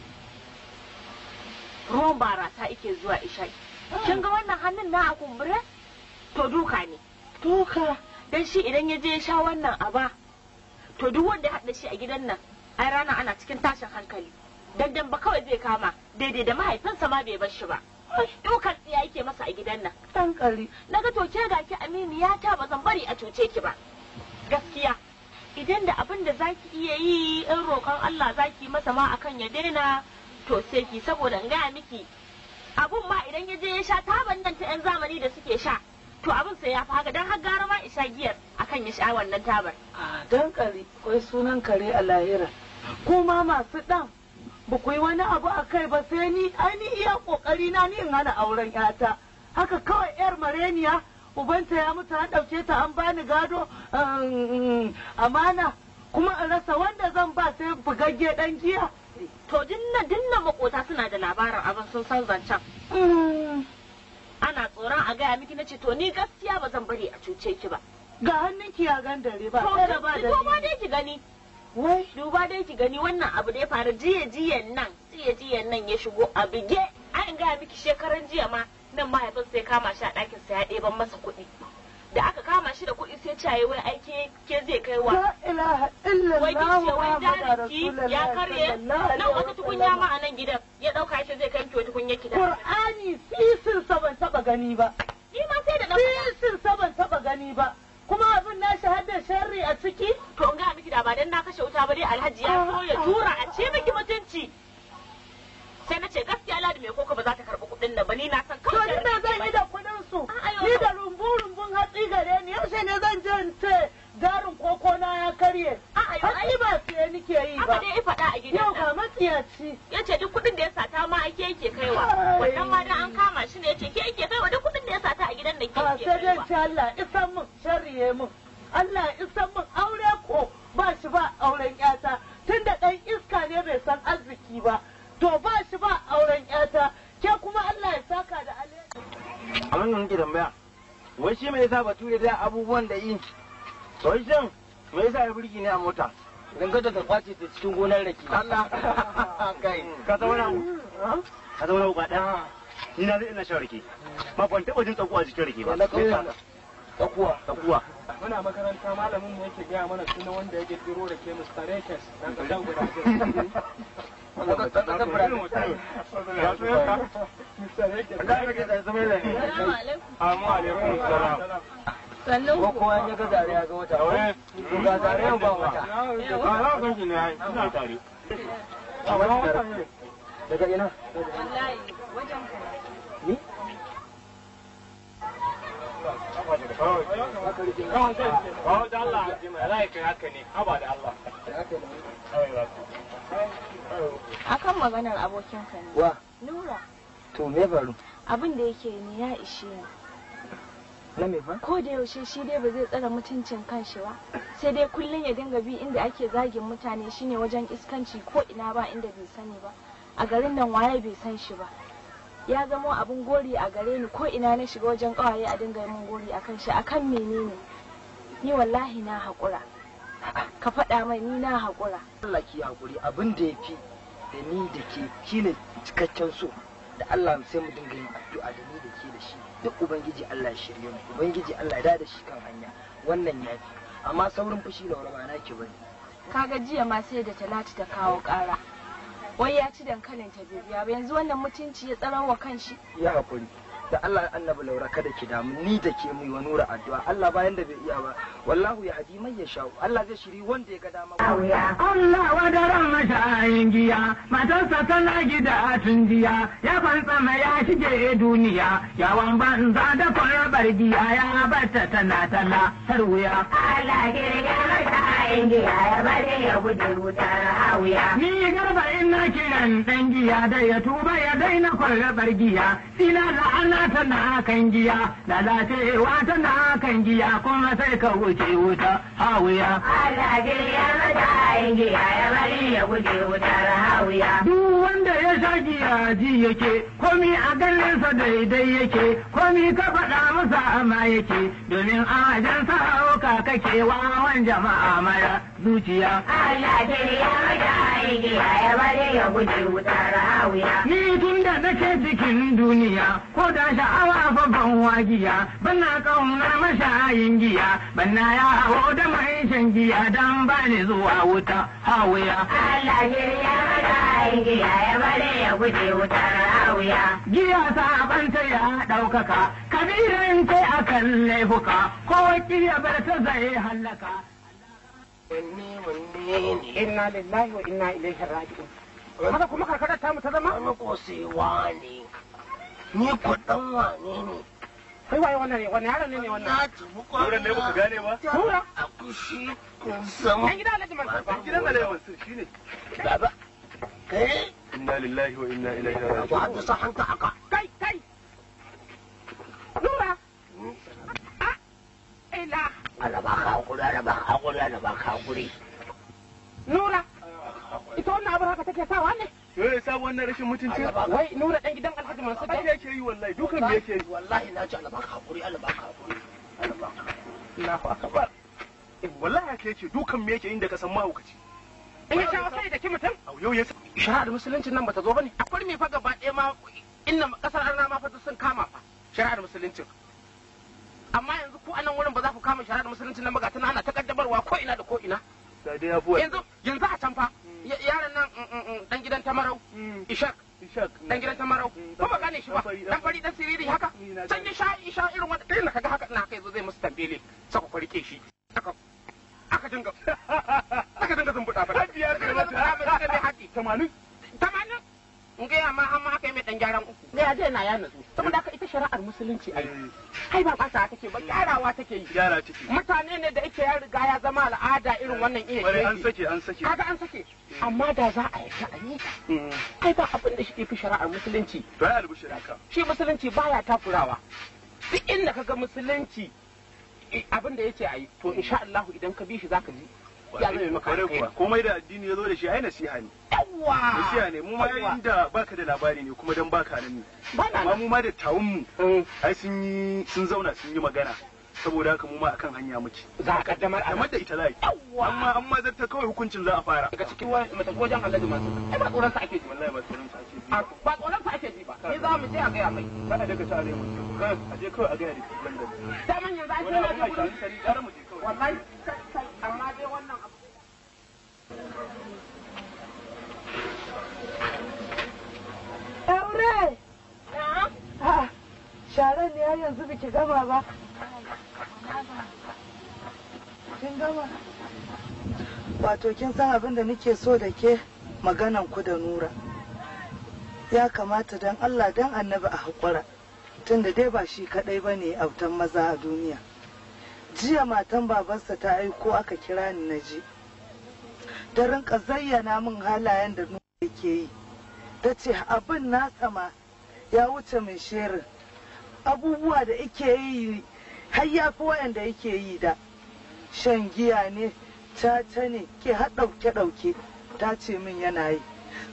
ruwan barasa ike zuwa ishaki. Hmm. kin ga wannan hannun na a kumbure to duka ne duka dan shi idan ya je ya sha wannan aba to duk wanda ya haɗa shi a gidan nan ai rana ana cikin tashin hankali dandan ba kawai zai kama daidai da mahaifinsa ma bai bar shi ba Dukan tsiya yake masa a gidan nan. Na ga ke ga ki ya ta ba zan bari a cuce ki ba. Gaskiya. Idan da abin da zaki iya yi in roƙon Allah za ki masa ma akan ya daina to sai ki saboda gaya miki abun ma idan ya je ya sha taban nan ta 'yan zamani da suke sha to abin sai ya fi haka don har gara ma isha giyar akan ya sha wannan tabar. A dankali, wai sunan kare a lahira. Kuma masu dan. ba ku yi wani abu a kai ba sai ni ni iya kokari na ni in hana auren yata haka kawai yar mareniya ubanta ya mutu an ɗauke ta an bani gado um, amana kuma in rasa wanda zan ba sai bugagge ɗan jiya to dinna dinna makota suna da labarin abin sun san zancen mm. ana tsoron a gaya miki na ce to ni gaskiya ba zan bari a cuce ki ba ga hannun ki ya gandare ba ba ba da ki duba dai ki gani wannan abu da ya faru jiya jiya nan jiya jiya nan ya shigo a bige an ga miki shekaran jiya ma nan mahaifin sai kama shi a ɗakin sa ya ɗeban masa kuɗi da aka kama shi da kuɗi sai caye wai ai ke ke zai kai wa wai ce wai ya karye nan wata tukunya ma a nan gidan ya ɗauka shi zai kai wata tukunya ki da Qur'ani fisin saban ban gani ba ni ma sai da sisin fisin saban saba gani ba kuma abin na shahadar sharri a ciki to in ga miki da ba dan na kashe wuta ba dai alhaji ya so ya tura a ce miki mutunci sai na ce gaskiya ladi mai koko ba za ta karɓi kuɗin nan ba ni na san kawai to ni zan yi da kuɗin su ni da rumbu rumbun hatsi gare ni yaushe ne zan je in garin koko na ya karye ai ba ni nike yi ba haka dai faɗa a gidan yau ga matsiyaci yace duk kuɗin da ya sata ma ake yake kaiwa wannan ma dan an kama shi ne yace ke yake kaiwa duk kuɗin da ya sata a gidan da ke kaiwa sai dai insha Allah isan mun sharriye mun Allah isan mun aure ko ba shi ba auren yata tunda dan iska ne bai san arziki ba to ba shi ba auren yata ke kuma Allah ya saka da alheri abin nan nake tambaya wai shi mai yasa bature da abubuwan da yin Wai can, me yasa ya burki ne a mota? Don kada ka kwace ta cikin gonar rake. Allah, kai, ka zama na Ka zama na ubaɗa. Ni na zai ina shan rake. Ma ban taɓa jin tsakuwa jikin rake ba. Tsakuwa. Tsakuwa. Muna makaranta malamin mu yake gaya mana suna wanda yake diro da ke Mr. Rekes dan kasan guda. Assalamu alaikum. sannan ko kowa ya ga ga wata ko ga zare ba wata ba eh, za eh, ka ne ina tare daga ina wallahi wajen ka ni ne, Akan maganar ne. Wa? Nura. To me faru? Abin da yake ni ya ishe ni. ko da yaushe shi dai ba zai tsara mutuncin kanshi ba sai dai kullum ya dinga bi inda ake zagin mutane shine wajen iskanci ko ina ba inda bai sani ba a garin nan waye bai san shi ba ya zamo abin gori a gare ni ko ina na shiga wajen kawaye a dinga min gori akan shi akan menene ni wallahi na haƙura ka faɗa mai ni na haƙura Allah ki haƙuri abin da ya fi da ni da ke shine cikakken so da Allah sai mu dinga yin addu'a da ni da ke da shi duk ubangiji Allah ya shirye mu ubangiji Allah ya da shi kan hanya wannan ya fi amma saurin fushi da wani na ki bane kaga jiya ma sai da talatu ta kawo ƙara wai ya ci dankalin ta bibiya yanzu wannan mutunci ya tsaron wa kanshi ya hakuri da Allah annabi laura kada ki damu ni da ke mu wa nura addu'a Allah bayan da bai iya ba wallahu ya hadi mai ya shawo Allah zai shiri wanda ya ga dama Allah wa da rahmata ayin giya matarsa tana gida tun jiya ya fantsama ya shige duniya yawan banza da bar giya ya batta tana tala har wuya Allah girga mata ayin giya ya bada ya gudu ruta hawuya ni garba ina kiran dan giya da ya tuba ya daina kwarabar giya sila la'ana rana tana kan giya lalacewa tana kan giya kuma sai ka wuce wuta hawiya. Allah ya mata ayin giya ya bari ya wuce wutar hawiya. Duk wanda ya sha giya ji yake komi a ganinsa daidai yake komi ka faɗa masa amma yake domin a wajen sa hauka kake wawan jama'a mara zuciya. Allah ya mata aiki ya bari ya guji wutar hawiya. Ni tun da nake cikin duniya ko da sha'awa fa ban wagiya bana kauna mashayin giya na ya hawo da mai shan giya dan bani zuwa wuta hawiya. Allah ya mata aiki ya bari ya guji wutar hawiya. Giya ta ya ɗaukaka kabirin kai akan laifuka ko kiya bar ta zai hallaka. inna lillahi wa inna ilaihi raji'un haka kuma karkarar tamu ta zama wani kosewa ne ni ko dan wane ne kai waye wannan ne wannan yaron ne ne wannan na tubu ko wurin ne muka gane ba tura a kun an gida alhaji mansur ba gidan alhaji mansur shine baba kai inna lillahi wa inna ilaihi raji'un ba ta sahanta aka kai kai nura ila ana ba ka hakuri ana hakuri ana ba hakuri nura ita wannan abin haka take sawa ne yau eh, ya samu wannan rashin mutunci wai nura dan gidan alhaji mansur ai yake yi wallahi dukan me yake yi wallahi na ci ana hakuri ana hakuri ana ba ka Allahu akbar eh, wallahi yake yake dukan me yake inda ka san mahaukaci in ya shawo sai da ki mutum yau ya shara da musuluncin nan bata zo bane akwai me fa gaba ɗaya ma inna kasar arna ma fa sun kama fa shara da musuluncin amma yanzu ko anan wurin ba za ku kama shara da musulunci nan ba tana ana ta kaddabarwa ko ina da ko ina yanzu yanzu a can fa mm. yaran nan mm, mm, dan gidan tamarau ishak dan gidan tamarau ko ba gane shi ba dan fari dan siriri haka can yi sha isha irin wata kai kaga haka na kai zo zai musu tambele saka ku shi aka dinga aka dinga zumbuda ba biyar da ta mai haƙi 80 in amma an ma yi mai dan gyaran uku me ya na ya natsu saboda haka ita shari'ar musulunci ai mm. ai ba ta take ba gyarawa take yi gyara take mutane ne da ake ya riga ya zama al'ada irin wannan iya ce an sake an sake kaga an sake mm. amma da za a yi ta a mm. yi ai ba abin da shi fi shari'ar musulunci to ai albushira ka shi musulunci baya takurawa duk inda kaga musulunci eh, abin da yace ayi to insha Allah idan ka bi shi zaka ji ya zama maka komai da addini ya zo da shi ai nasiha ne yawwa bishiya ne mu ma inda baka da labari ne kuma dan baka nan ne amma mu ma da tawun mu eh. ai sun yi sun zauna sun yi magana saboda haka mu ma akan hanya muke za a kaddamar a da ita za amma an ma zarta kawai hukuncin za a fara daga cikin mata gojan Allah da masu ai ba tsoron sa ake ji wallahi ba tsoron sa ake ji ba tsoron sa ake ji ba ni za mu je a gaya mai kada daga ta mu a je kawai a gaya da shi da daman yanzu an tana je wallahi Ke! Ah, ne yanzu biki gama ba. Kin gama? Wato kin san abin da nake so da ke maganan ku da nura. Ya kamata don Allah don annabi a haƙura. Tunda dai ba shi kaɗai ba ne autan maza a duniya. Jiya matan babansa ta aiko aka kira ni na ji. Da rinka zayyana min halayen da nura yake yi. ta ce abin nasa ma ya wuce mai sherin abubuwa da ike yi har ya fi wayanda yake yi da shan giya ne caca ne ke har ɗauke-ɗauke ta ce min yana yi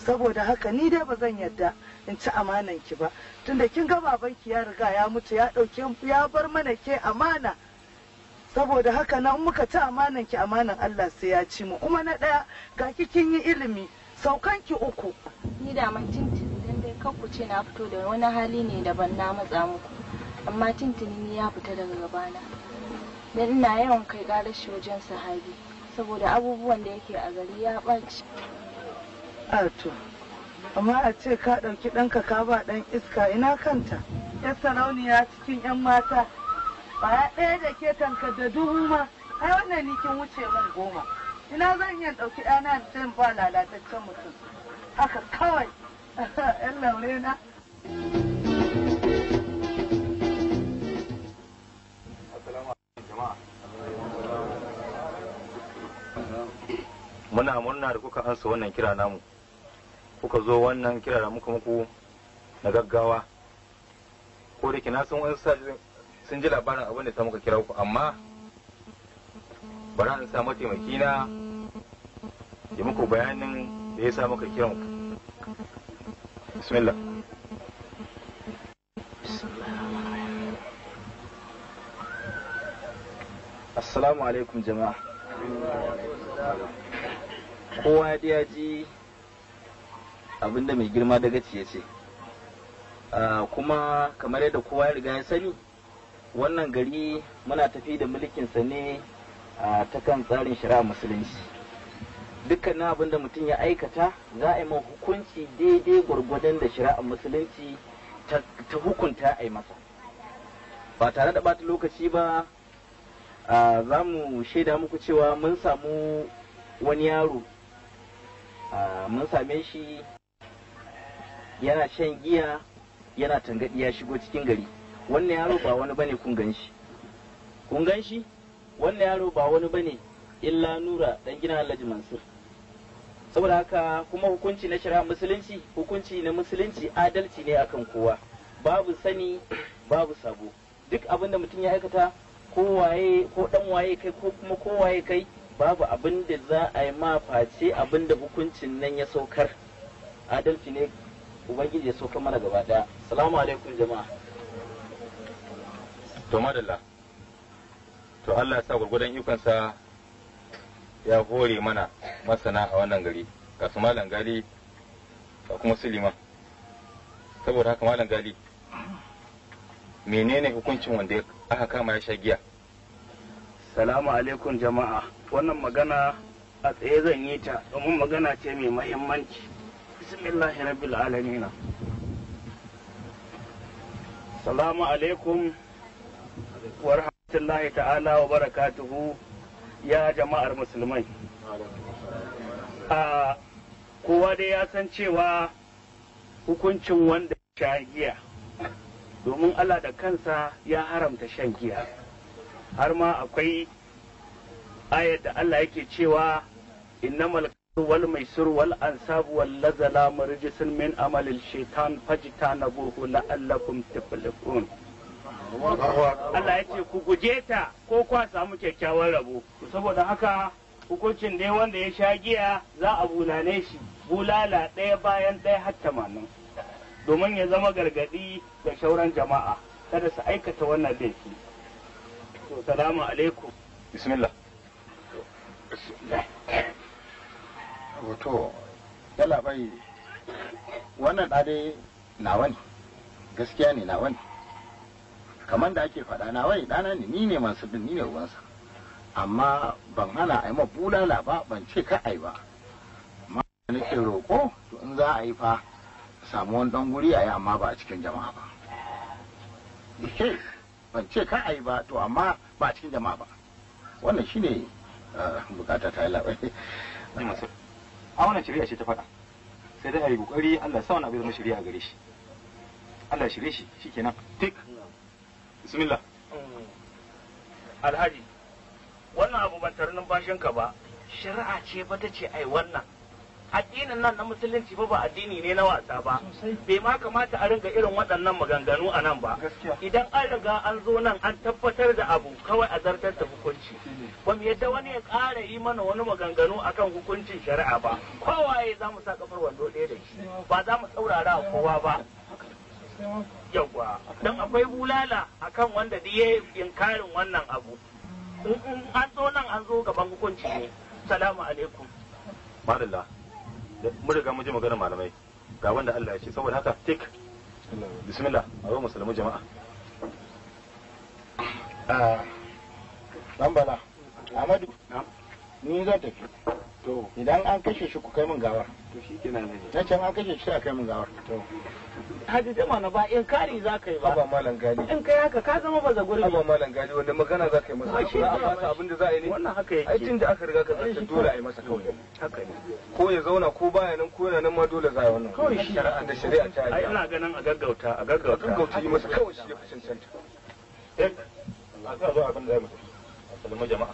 saboda haka ni dai ba zan yarda in ci amanan ki ba tunda kin ga banki ya riga ya mutu ya ɗauke ya bar mana ke amana saboda haka na muka ci amanan ki amanan Allah sai ya ci mu kuma na ɗaya ga kin yi ilimi saukanki uku ni da man tintin dan dai kanku ce na fito da wani hali ne da ban na matsa muku amma tintini ni ya fita daga gabana dan ina yawan kai shi wajen sahabi saboda abubuwan da yake a gari ya ɓaci ato amma a ce ka ɗauki ɗanka ka ba ɗan iska ina kanta yar sarauniya cikin 'yan mata ba ɗaya da ke tanka da duhu ma ai wannan ni kin wuce min goma ina zan iya ɗauki ɗana zan ba lalataccen mutum haka kawai yan laure na muna murna da kuka ansa wannan kira namu kuka zo wannan kira da muka muku na gaggawa ko da kina sun wani sun ji labarin abin da ta muka kira ku amma bari an sa mataimaki na yi muku bayanin da ya sa muka kiran ku bismillah assalamu alaikum jama'a kowa ya ji abinda mai girma daga ya ce ah, kuma kamar yadda kowa ya riga ya sani wannan gari muna tafi da mulkinsa ne ah, ta kan tsarin shari'a musulunci Dukkan abin da mutum ya aikata za a yi man hukunci daidai gwargwadon da shari'ar musulunci ta hukunta a yi masa ba tare da bata lokaci ba za mu shaida muku cewa mun samu wani yaro mun same shi yana shan giya yana tangadi ya shigo cikin gari wannan yaro ba wani bane kun gan shi kun gan shi wannan yaro ba wani bane illa nura dan gidan alhaji mansur saboda haka kuma hukunci na shari'a musulunci hukunci na musulunci adalci ne akan kowa babu sani babu sabo duk abin da mutum ya aikata kowaye ko dan waye kai ko kuma kowaye kai babu abin da za a yi ma face abin da hukuncin nan ya saukar adalci ne ubangiji ya saukar mana gaba daya salamu alaikum jama'a to madalla to Allah ya sa gurgurdan ikonsa ya hore mana masana a wannan gari ga su malam gali ga kuma suliman saboda haka malam gali menene hukuncin wanda aka kama ya sha giya salamu alaikum jama'a wannan magana a tsaye zan yi ta domin magana ce mai mahimmanci bismillahi rabbil alamina salamu alaikum wa rahmatullahi ta'ala wa barakatuhu ya jama'ar musulmai a kowa dai ya san cewa hukuncin wanda sha giya domin Allah da kansa ya haramta shan giya har ma akwai ayar da Allah yake cewa innamal wal maisir wal ansab wal lazala marjisun min amalil shaitan fajtanabuhu la'allakum tuflihun Allah ya ce ku guje ta ko kwa samu kyakkyawan rabo saboda haka hukuncin dai wanda ya sha giya za a bulane shi bulala ɗaya bayan ɗaya har tamanin domin ya zama gargaɗi ga shauran jama'a kada su aikata wannan laifi to salamu alaikum bismillah wato yalla bai wannan ɗade nawa ne gaskiya ne nawa ne kamar da ake faɗa na wai ɗana ne ni ne masu din ni ne uwansa amma ban hana a yi ma bulala ba ban ce ka ai ba amma nake roƙo to in za a yi fa samu wani ɗan guri a yi amma ba a cikin jama'a ba ke ban ce ka ai ba to amma ba a cikin jama'a ba wannan shine eh, bukata ta yi labai a wannan shari'a ce ta faɗa sai dai a yi kokari Allah sa wani abu zama shari'a gare shi Allah shirye shi shikenan tik bismillah mm. alhaji wannan abu ban tare ka ba shari'a ce ba ta ce ai wannan addinin nan na musulunci ba ba addini ne na wasa ba bai ma kamata a ringa irin waɗannan maganganu a nan ba idan an riga an zo nan an tabbatar da abu kawai a zartar da hukunci ba mu yadda wani ya ƙara yi mana wani maganganu akan hukuncin shari'a ba kowaye za mu sa kafar wando ɗaya da shi ba za mu saurara kowa ba yawwa don akwai bulala akan wanda da ya inkarin wannan abu in an zo nan an zo gaban hukunci ne salamu alaikum Malala, mun riga mun ji maganar malamai ga wanda Allah ya ce saboda haka tik bismillah a musulmi jama'a dan ah, bala amadu ni zan tafi to idan an kashe shi ku kai min gawar to shi kenan ne ta can an kashe shi a kai min gawar to Haji mana ba in kari za ka yi ba. Aba malam gali. In kai haka ka zama baza gurbi. Aba malam gali wanda magana za ka yi masa. Shi Ba a abin da za a yi ne. Wannan haka yake. Ai tunda aka riga ka zanta dole a yi masa kawai. Haka ne. Ko ya zauna ko baya nan ko yana nan ma dole za a yi wannan. Kawai shi. Shari'a da shari'a ta yi. Ai ina ganin a gaggauta a gaggauta. A gaggauta yi masa kawai shi ya fi cancanta. Eh. Allah ka zo abin da ya mutu. Assalamu jama'a.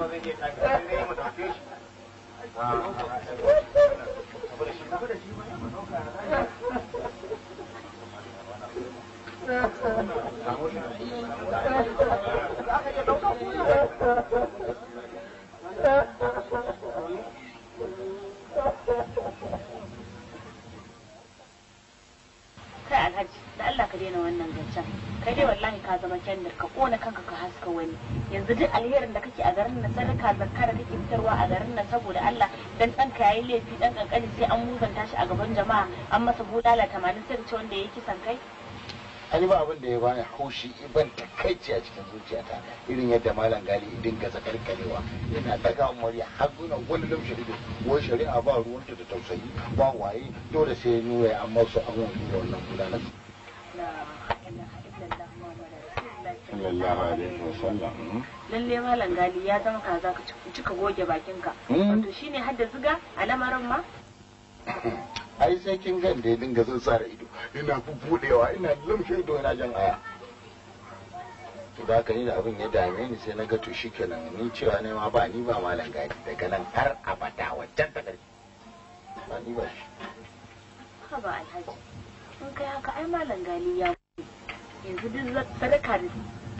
dama Thank you. kai alhaji da Allah ka daina wannan zancen kai dai wallahi ka zama kendir ka kona kanka ka haska wani yanzu duk alherin da kake a garin nan sadaka zakka da kake fitarwa a garin nan saboda Allah dan ka yayi laifi dan kankani sai an muzanta shi a gaban jama'a an masa bulala 80 sai ka ce wanda yake kisan kai an ba abin da ya bani haushi ban takaici a cikin zuciyata irin yadda malam gali idin ga zakarkarewa yana daga murya har zuwa wani lamshi ido wai shari'a ba ta da tausayi ba waye dole sai ya nuna ya amma su abin da wannan gudanar lalle malam gali ya zama kaza ka cika goge bakinka hmm? wato shine hadda ziga a lamarin ma ai sai kin gan da ya dinga zan tsara ido ina bubudewa ina lumshe ido ina jan aya to da haka ni da abin ya dame ni sai na ga to shikenan ni cewa ne ma ba ni ba malam gadi daga nan har abada wajen ta gari. ba ni ba shi haka ba alhaji in kai haka ai malam gani ya yanzu duk sadaka da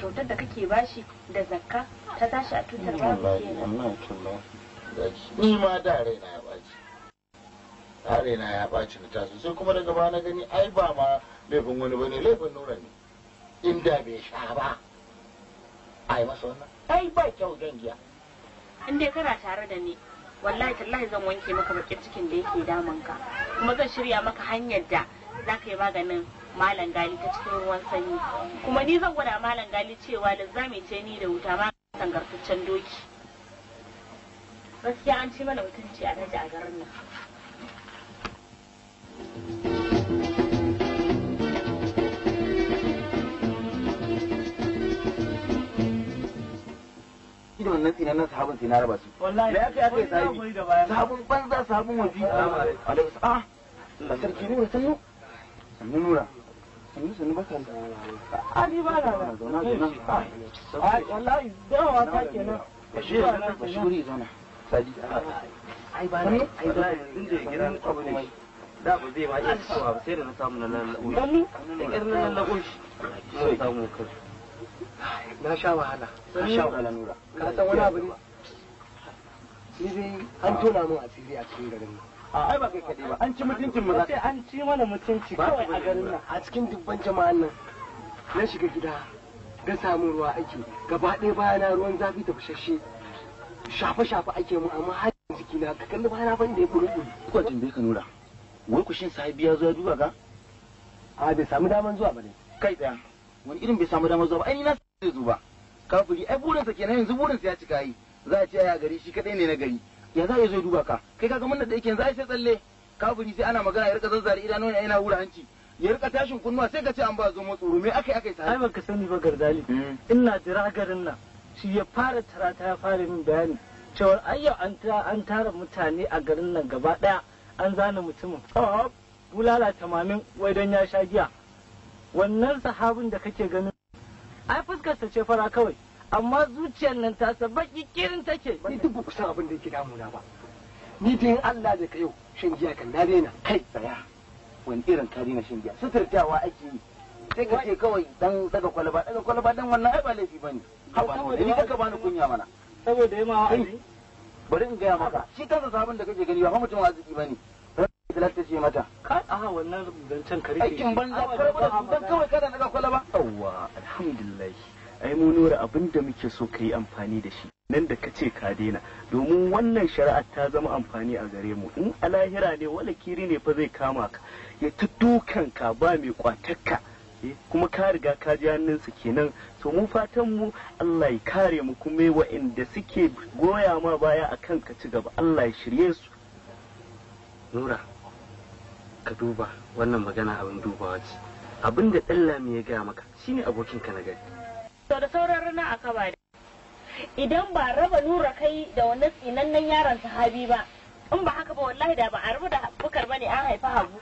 kyautar da kake bashi da zakka ta tashi a tutar babu kenan ni ma da raina ba na ya ɓaci na taso sai kuma daga ba na gani ai ba ma laifin wani bane laifin nura ne inda bai sha ba ai masa wannan ai ba kyau zan giya in dai kana tare da ni wallahi tallahi zan wanke maka bakin cikin da yake damun ka kuma zan shirya maka hanyar da za ka yi maganin malam gali ta cikin ruwan sanyi kuma ni zan gwada malam gali cewa mu ce ni da wuta ma sangartaccen doki gaskiya an ci mana mutunci a daji a garin nan shi da wannan na sahabin na raba su wallahi da yake banza sabon wafi alaihi sa'a a sarki nura sannu sannu nura sannu sannu ba sannu a ni ba na eh, ah, wallahi dawa ta kenan bashiri bashiri zauna sadi ai ba ne ai ba ne inda gidan abu ne da zai ma iya fitowa ba sai da na samu na lallabo shi da na lallabo shi sai na sha wahala na sha wahala nura ka san wani abu ne ni dai an tona mun asiri a cikin garin nan a ai ba kai kaɗai ba an ci mutuncin mu sai an ci mana mutunci kawai a garin nan a cikin dubban jama'an nan na shiga gida ga samu ruwa ake gaba ɗaya bayana ruwan zafi da fashashe shafe-shafe ake mu amma har jikina ka kalli bayana ban da ya kuri kuri. Kwatin bai ka nura. wai ku shin sahibi ya zo ya duba ka a bai samu daman zuwa ba ne kai tsaya wani irin bai samu daman zuwa ba ai ni na zai zo ba kafiri ai burinsa kenan yanzu burinsa ya cika yi za a ce ya gari shi kadai ne na gari ya za a zo duba ka kai kaga mun da yake yanzu ai sai tsalle kafiri sai ana magana ya rika zazzare idanu yana wura hanci ya rika tashin kunnuwa sai ka ce an ba zo mu tsoro me akai akai sai ai baka sani ba gardali hmm. ina jira garin nan shi ya fara tarata ya fara min bayani cewa ayyau an tara mutane a garin nan gaba daya an zane mutumin bulala tamamin wai don ya sha giya wannan sahabin da kake ganin ai fuskarsa ce fara kawai amma zuciyar nan ta sa baki kirin take ni duk ba kusan abin da yake damuna ba ni din Allah da ka yau shan giya kan na daina kai tsaya wani irin ka daina shan giya suturtawa ake yi sai ka ce kawai dan daga kwalaba daga kwalaba dan wannan ai ba laifi bane haba ne ni kaka bani kunya mana saboda yama wa'azi bari in gaya maka shi kansa sabon da kake gani ba mutumin arziki bane Talak ta ce mata. Ka aha wannan zancen kare. Aikin banza karba da dan kawai kada na ga ba Yawwa alhamdulillah. Ai mu nura abin da muke so ka amfani da shi. Nan da kace ka daina domin wannan shari'ar ta zama amfani a gare mu in alahira ne wala kiri ne fa zai kama ka ya ta ka ba mai kwatakka eh, kuma ka riga ka ji hannunsa kenan so mu fatan mu Allah ya kare mu kuma wa'inda suke goya ma baya akan ka ci gaba Allah ya shirye su nura ka duba wannan magana abin dubawa ce abin da ɗan ya gaya maka shine abokin ka na gari to da sauran rana a kaba idan ba raba nura kai da wani tsinannen yaron sahabi ba in ba haka ba wallahi da ba a rabu da bukar bane an haifa hagu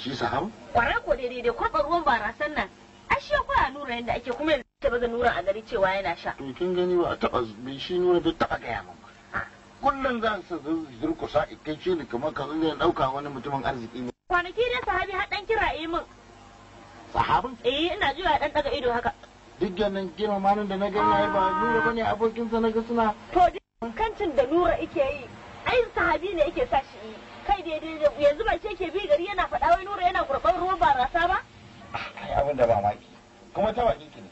shi sahabu kwarai ko daidai da kurɓa ruwan barasan nan ai shi kuna nura yadda ake kuma yanzu ta baza nura a gari cewa yana sha to kin gani ba a taba shi nura bai taba gaya min ba kullum za su durkusa kai ce ni kamar ka zai dauka wani mutumin arziki ne kwanaki ne sahabi har dan kira yi min sahabin eh ina jiwa dan daga ido haka duk ganin girmamanin da na gani ba nura bane abokinsa na ga suna to kancin da nura yake yi ai sahabi ne yake sa shi kai daidai yanzu ba ce ke bi gari yana faɗa wai nura yana kurɓar ruwan barasa ba ai abin da ba maki kuma ta baki ki ne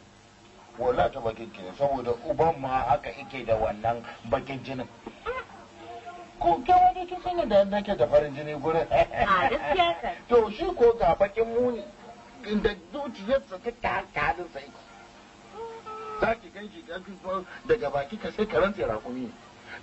Wala ta baki ki ne saboda uban ma haka ike da wannan bakin jinin ko ke wani kin sanya da nake da farin jini gurin to shi ko ga bakin muni inda zuciyarsa ta taka halin sai za ki ganki daga baki ka sai karanta rakumi ne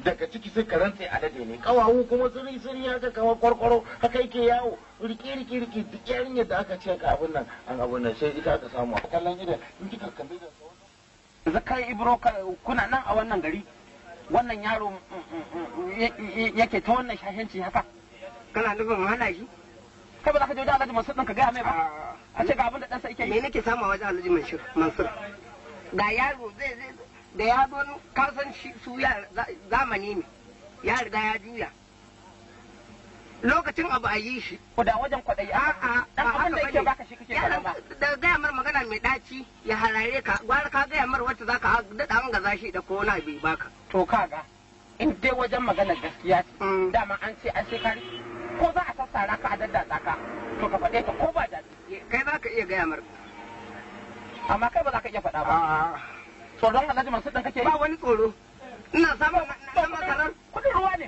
daga ciki sai ka rantse a dade ne kawawu kuma yi siri haka kamar kwarkwaro haka yake yawo rike rike rike duk yarinya da aka ce ka abin nan an abin nan sai ita aka samu a kallon idan in kika kambe da zakai ibro kuna nan a wannan gari wannan yaro mm, mm, mm, yake ta wannan shahenci haka kana nufin hana shi kai ba za ka je wajen alhaji mansur ɗin ka gaya mai ba a ce ga abin da ɗansa yake yi me nake samu a wajen alhaji mansur ga yaro zai zai da ya zo kasan su zamani ne ya riga ya juya lokacin abu a yi shi da wajen kwaɗayi a a abin da yake baka shi kake ba da gaya mar magana mai ɗaci ya harare ka gwara ka gaya mar wacce zaka daɗa mun gaza shi da ko na bai baka to kaga in dai wajen magana gaskiya ce mm. dama an ce an shekari ko za a sassara ka a daddatsa ka to ka faɗe ka ko ba daɗi kai za ka iya gaya mar amma kai ba za ka iya faɗa ba tsoron alhaji masu dan kake ba wani tsoro ina samun na masarar kudin ruwa ne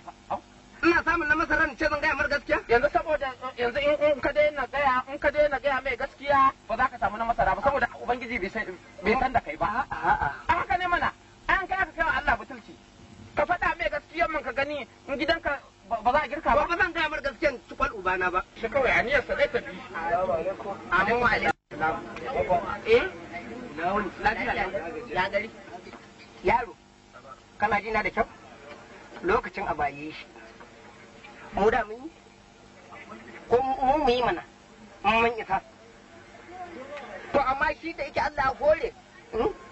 ina samun na masarar ce zan gaya mar gaskiya yanzu saboda yanzu in ka daina gaya in ka daina gaya mai gaskiya ba za ka samu na masara ba saboda ubangiji bai san da kai ba a haka ne mana an kai ka kai wa Allah butulci ka faɗa mai gaskiyar man ka gani in gidanka ba za a girka ba ba zan gaya mar gaskiyan tukwal ubana ba shi kawai aniyarsa zai tafi amma wa alaikum eh ya gari yaro kana jina da kyau lokacin a baye shi mu da mun yi ko mu mu yi mana mun isa to amma shi da yake Allah hore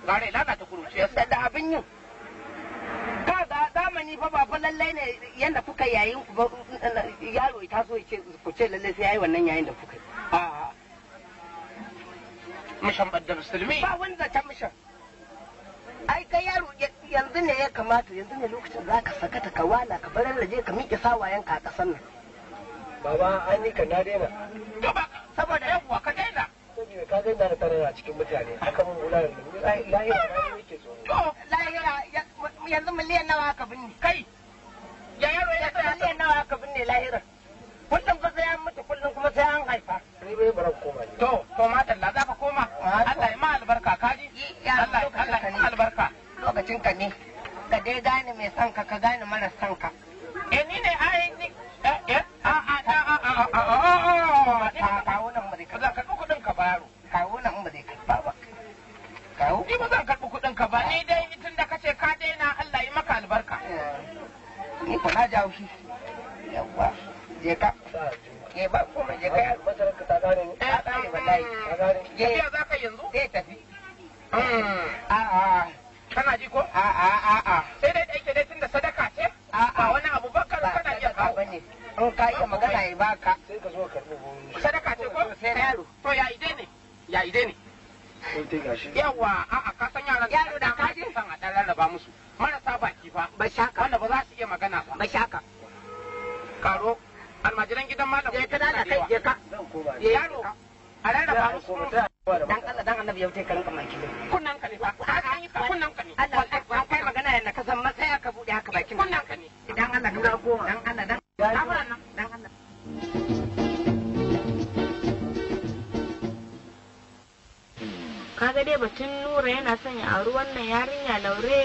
gare lalata kuruciyarsa da abin yin ka ga zamani fa ba fa lallai ne yadda kuka yayin yaro ya taso ya ce ku ce lallai sai yayi wannan yayin da kuka yi mishan badda musulmi ba wani ta mishan ai kai yaro yanzu ne ya kamata yanzu ne lokacin za ka sakata ka wala ka bar laje ka miƙe sawayen ka a ƙasar nan baba an yi ka na daina to ba saboda yawwa ka daina ka daina da a cikin mutane haka mun gula da lahira ba yake so to lahira yanzu miliyan nawa ka binne kai ya yaro ya miliyan nawa ka binne lahira kullum ba sai an mutu kullum kuma sai an haifa ni bai bara koma to to matalla za ka koma Allah ya ma albarka kaji Allah Allah ya ma albarka lokacin ka ne ka dai gane mai son ka ka gane mara son ka eh ni ne ai ni eh a a a a a a a a kawo nan mu ka kawo kawo ni ba tun da kace ka daina Allah maka albarka ni ko ke ba kuma ya kai almasarar ka ta gane ne ta gane eh, wallahi ta eh, gane ya za ka yanzu sai tafi hmm. a a kana ji ko a a a a sai dai da yake dai tunda sadaka ce a a wani abu bakar kana ba ba ne in ka iya magana ya baka sai ka zo ka rubu sadaka ce ko sai yaro to ya ide ne ya ide ne yawa a a ka san yaran yaro da ka ji san a dan ba musu marasa baki fa ba shaka wanda ba za su iya magana ba ba shaka karo almajiran gidan malam je ka dana kai je ka je yaro a rarraba musu dan Allah dan annabi yau kai kan maki kunnan ka ne ba ka yi kunnan ka ne Allah ba kai magana yana ka san matsayi ka bude haka bakin kunnan ka ne dan Allah dan Allah dan Allah dan Allah kaga dai batun nura yana sanya a ruwan wannan yarinya laure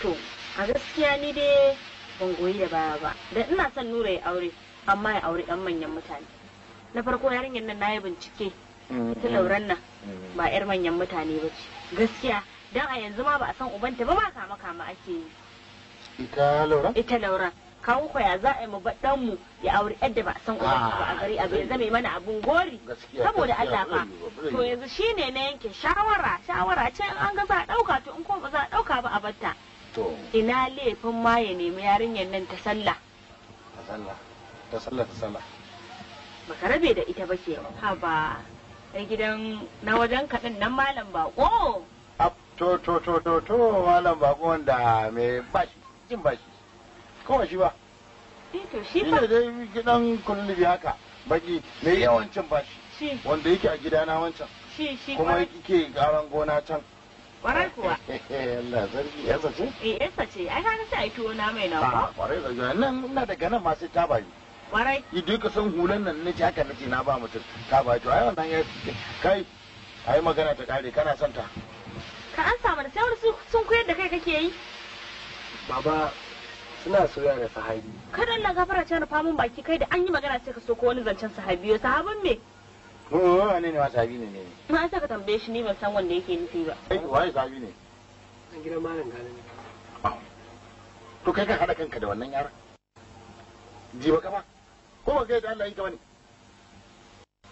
to a gaskiya ni dai bangoyi da baya ba da ina son nura ya aure amma ya aure dan manyan mutane na farko yarinyar nan nayi bincike mm, ta dauran mm. nan mm. ba yar manyan mutane ba ce gaskiya dan a yanzu ma ba a san ubanta ba ma kama kama ake yi ita laura ita laura kawo ko ya za a yi mu dan mu ya aure yadda ba a san ubanta ba a ah, gari abu ya zame mana abun gori saboda Allah fa to yanzu shine na yanke shawara shawara ce an ga za a dauka to in ko ba za a dauka ba a batta ina laifin ma ya nemi yarinyar nan ta sallah ta sallah ta sallah ta sallah baka rabe da ita ba ke ha ba ɗan gidan na wajen kaɗin nan malam bako to to to to to malam bako wanda mai bashi jin bashi Kowa shi ba Ina eh, shi ba dai gidan kullubi haka baki mai yawancin bashi wanda yake a gidana wancan kuma yake garan gona can Kwarai kuwa. Allah zargi ya sace? Eh ya sace. Ai ka sai ai tuwo na mai na ko? Ah, kwarai da gaske. Nan ina daga nan ma sai ta bayi. Kwarai. Idan ka san hulan nan nace haka nace na ba mutum. Ta bayi to ai wannan ya kai ai magana ta kare kana son ta. Ka an samu da sai sun koyar da kai kake yi. Baba suna soyayya da sahabi. Kada Allah gafara cewa rufa mun baki kai da an yi magana sai ka so ko wani zancen sahabi. Sahabin me? Oh, wane ne ma sabi ne ne? Ma an saka tambaye shi ne ban san wanda yake nufi ba. Waye sabi ne? An gidan malam gane ne. To kai ka haɗa kanka da wannan yaran. Jiba ba Ko ba kai da Allah yi ka bane.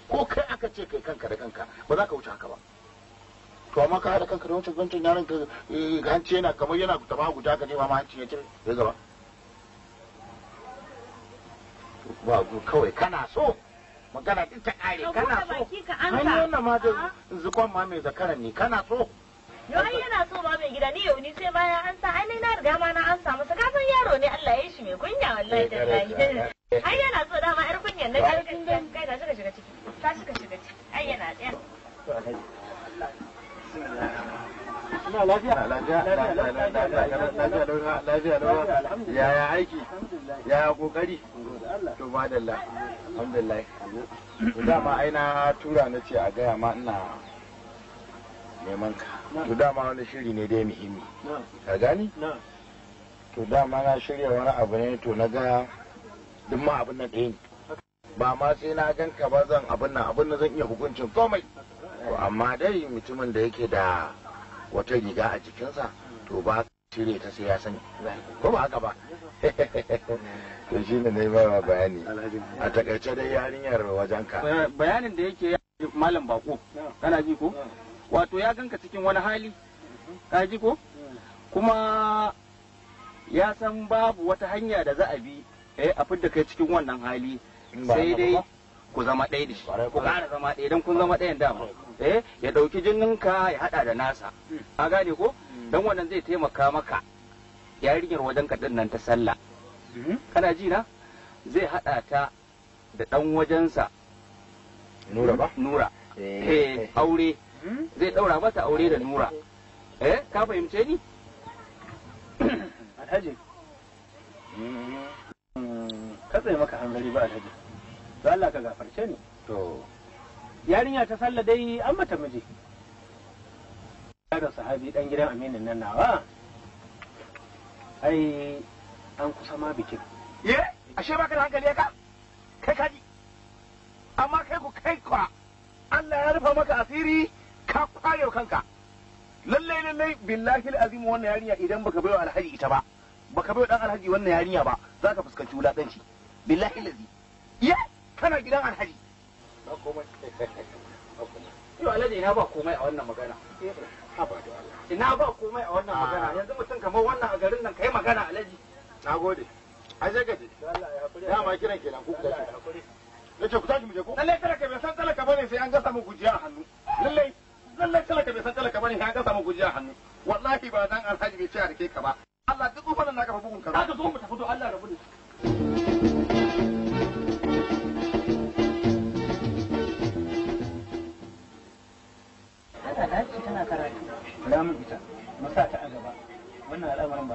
Ko kai aka ce kai kanka da kanka ba za ka wuce haka ba. To amma ka haɗa kanka da wancan gantun yaran ka eh, hanci yana kamar yana taba guda ka ce ma hanci ya cire zai gaba. Ba kawai kana so. magana din ta kare kana so hannu wannan ma da zukon ma mai zakaran ne kana so ai yana so ba mai gida ni yau ni sai bayan an sa ainihin na riga ma na an samu su kasan yaro ne Allah ya shi mai kunya wallahi da eh, eh, lahi eh, ai yana so dama yar kunyan na kai da suka shiga ciki ta shiga ciki ai yana tsaya ina lafiya lafiya lafiya lafiya lafiya yaya aiki yaya kokari to madalla alhamdulillah to dama ai na tura na ce a gaya ma ina neman ka to dama wani shiri ne dai muhimmi ka gani to dama na shirya wani abu ne to na ga duk ma abin nan ɗaya ba ma sai na gan ka ba zan abin nan abin nan zan iya hukuncin komai amma dai mutumin da yake da wata riga a jikinsa to ba cire ta sai ya sani ko ba haka ba to shi ne yi ma bayani a takaice dai yarinyar wajenka bayanin da yake malam bako kana ji ko wato ya ganka cikin wani hali ka ji ko kuma ya san babu wata hanya da za a bi eh, a fidda kai cikin wannan hali sai dai ku zama ɗaya da shi ku ƙara zama ɗaya don kun zama ɗayan dama tsaye eh, ya dauki jininka ya hada da nasa hmm. ka gane ko hmm. dan wannan zai taimaka maka yarinyar wajen ka din nan ta sallah hmm? kana ji na zai hada ta da dan wajensa nura ba nura eh, eh aure zai daura mata aure da nura eh ka fahimce ni alhaji ka tsaye maka hankali ba alhaji ba Allah ka gafarce ni to yarinya ta sallah dai an mata miji da sahabi dan gidan aminin nan nawa ai an kusa ma bikin ye ashe baka da hankali ka kai kaji amma kai ku kai kwa Allah ya rufa maka asiri ka kware kanka lallai lallai billahi alazim wannan yarinya idan baka baiwa alhaji ita ba baka baiwa dan alhaji wannan yarinya ba za ka fuskanci wulakanci billahi alazim ye kana gidan alhaji ba komai yau alaji ina ba komai a wannan magana ina ba komai a wannan magana ah. yanzu mutum kamar wannan a garin nan kai magana alaji na gode ai sai gaji dama kiran kenan ku kuka na ce ku tashi mu je ko lalle talaka bai san talaka bane sai an gasa mu gujiya a hannu lalle lalle talaka bai san talaka bane sai an gasa mu gujiya a hannu wallahi ba dan alhaji bai ce a ke ka ba Allah duk ufanan na kafa bugun ka za ka zo mu tafi to Allah rabu da ta dace tana a gaba wannan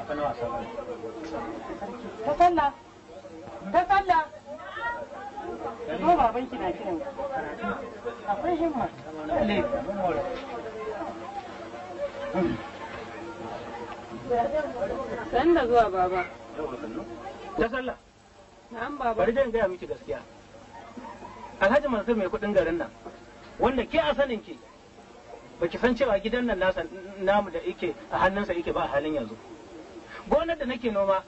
zuwa baba. Ta sallah. zan gaya miki gaskiya. Alhaji Mansur mai kuɗin garin nan wanda ke a sanin ki ba ki san cewa gidan nan nasa namu da yake a hannunsa yake ba a halin yanzu gonar da nake noma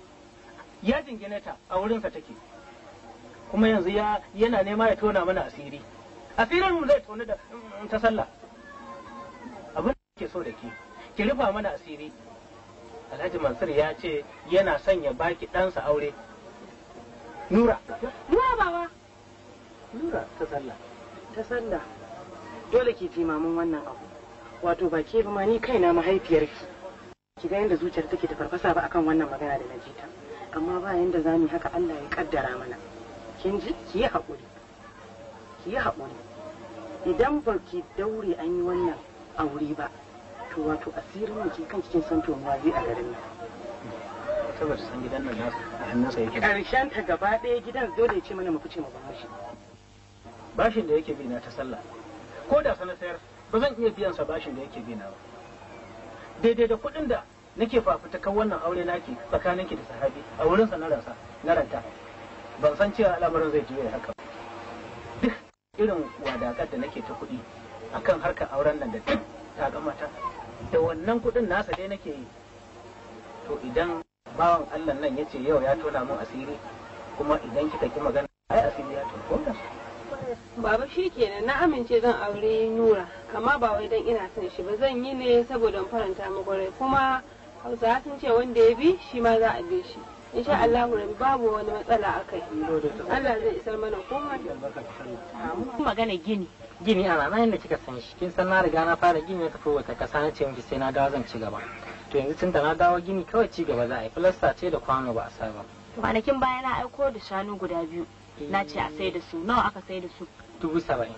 ya jingine ta a wurinsa take kuma yanzu ya yana nema ya tona mana asiri asirin mu zai tona da mm, ta sallah abin da ke so da ke ki rufa mana asiri alhaji mansur ya ce yana son ya baki ɗansa aure nura nura baba nura ta sallah ta sallah dole ki timamin wannan abu wato ba ke ba ma ni kaina mahaifiyarki ki ga yadda zuciyar take ta farfasa ba akan wannan magana da na ji ta amma ba yanda za mu haka Allah ya kaddara mana kin ji ki yi haƙuri ki yi haƙuri idan ba ki daure an yi wannan aure ba to wato asirin mu ke kan cikin san to zai a garin nan saboda san gidan nan nasu a hannunsa yake karshen ta gaba ɗaya gidan dole ya ce mana mu fice mu ba shi bashin da yake bi na ta sallah ko da sanar sayar ba zan iya biyan sa bashin da yake bina ba daidai da kuɗin da nake fafutukar wannan aure naki tsakanin ki da sahabi a wurin sa na rasa na ranta ban san cewa al'amarin zai juya haka duk irin wadakar da nake ta kuɗi akan harkar auren nan da duk takamata da wannan kuɗin nasa dai nake yi to idan bawan Allah nan ya ce yau ya tona mun asiri kuma idan kika ki magana ai asiri ya tona Baba shi kenan na amince zan aure Nura, amma ba wai dan ina son shi ba zan yi ne saboda faranta mu gore kuma Hausa sun ce wanda ya bi shi ma za a bi shi. Insha Allah babu wani matsala a kai. Allah zai isar mana komai. Magana gini. Gini a rana da kika san shi. Kin san na riga na fara gini na tafi wata kasa na ce miki sai na dawo zan ci gaba. To yanzu tun da na dawo gini kawai ci gaba za a yi. Filasta ce da kwano ba a ba Kwanakin baya na aiko da shanu guda biyu. na ce a sai da su nawa aka sai da su dubu saba'in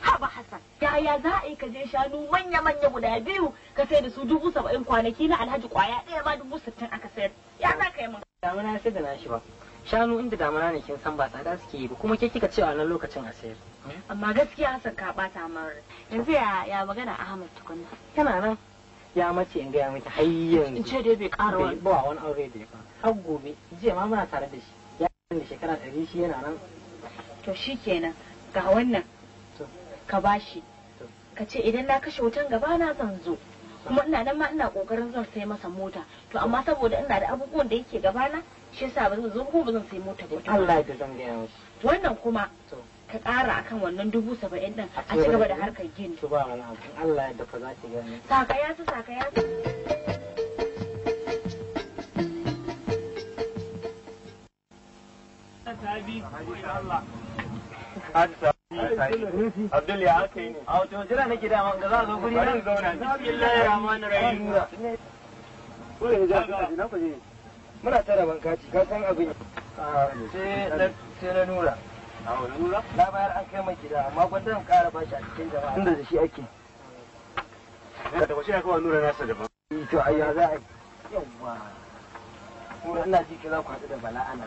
haba hasan yaya za a yi ka je shanu manya-manya guda biyu ka sai da su dubu saba'in kwanaki na alhaji kwaya ɗaya ma dubu sittin aka sayar ya za ka yi mun damuna sai da na shi ba shanu inda damuna ne kin san ba tsada suke yi ba kuma ke kika cewa nan lokacin a sayar hmm? amma gaskiya hasan ka bata mara yanzu ya magana ahmad tukunna yana nan ya mace in gaya miki har yanzu in ce dai bai ƙara wani ba wani aure da ya fara har gobe jiya ma muna tare da shi da shekara ɗari shi yana nan to shi kenan ga wannan ka bashi ka ce idan na kashe wutan gaba na zan zo kuma ina nan ma ina kokarin zan sai masa mota to amma saboda ina da abubuwan da yake gabana shi yasa ba zan zo ko ba zan sai mota ba Allah ya zan gaya musu wannan kuma ka ƙara akan wannan dubu saba'in din a ci gaba da harkar gini to ba wani abu Allah ya dafa za ki gani saka ya su saka ya su Abdul ya zauna. Muna tara ban ka san abin. Sai na nura. Na bayar an kai mai gida amma gwandan kara ba shi a cikin jama'a. Tunda da shi ake. Da ba shi aka wa nura nasa daban. To ayya za a yi. Yawwa. Nura ina ji kira ku haɗu da bala'ana.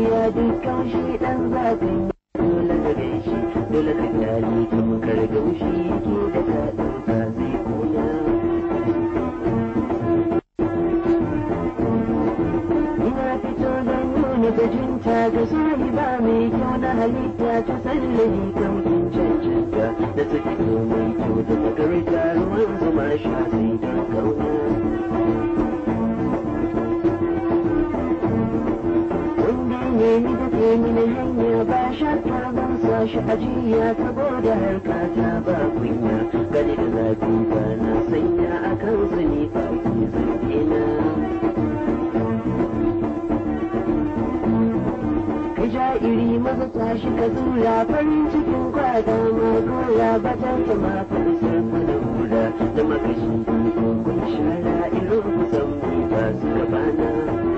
ya duka shi dan zafin dole ka gaishe dole ka kyale tamkar gaushi ke da daɗin ba zai koya ina fito don nuna gajinta ga suri ba mai kyau na halitta ta sallari kan kin cancanta da ta fito mai kyau da ta karita ruwan sha sai don kauna nemi da na hanya ba shakka ban sa shi ajiya saboda harka ta ba kunya gani da zafi ba na sanya a kan su ne ba zance na. Ka ja iri maza tashi ka zura farin cikin kwada ma gora ba ta kama farisar da hura da makashin kun shara irin kusan ba su gabana.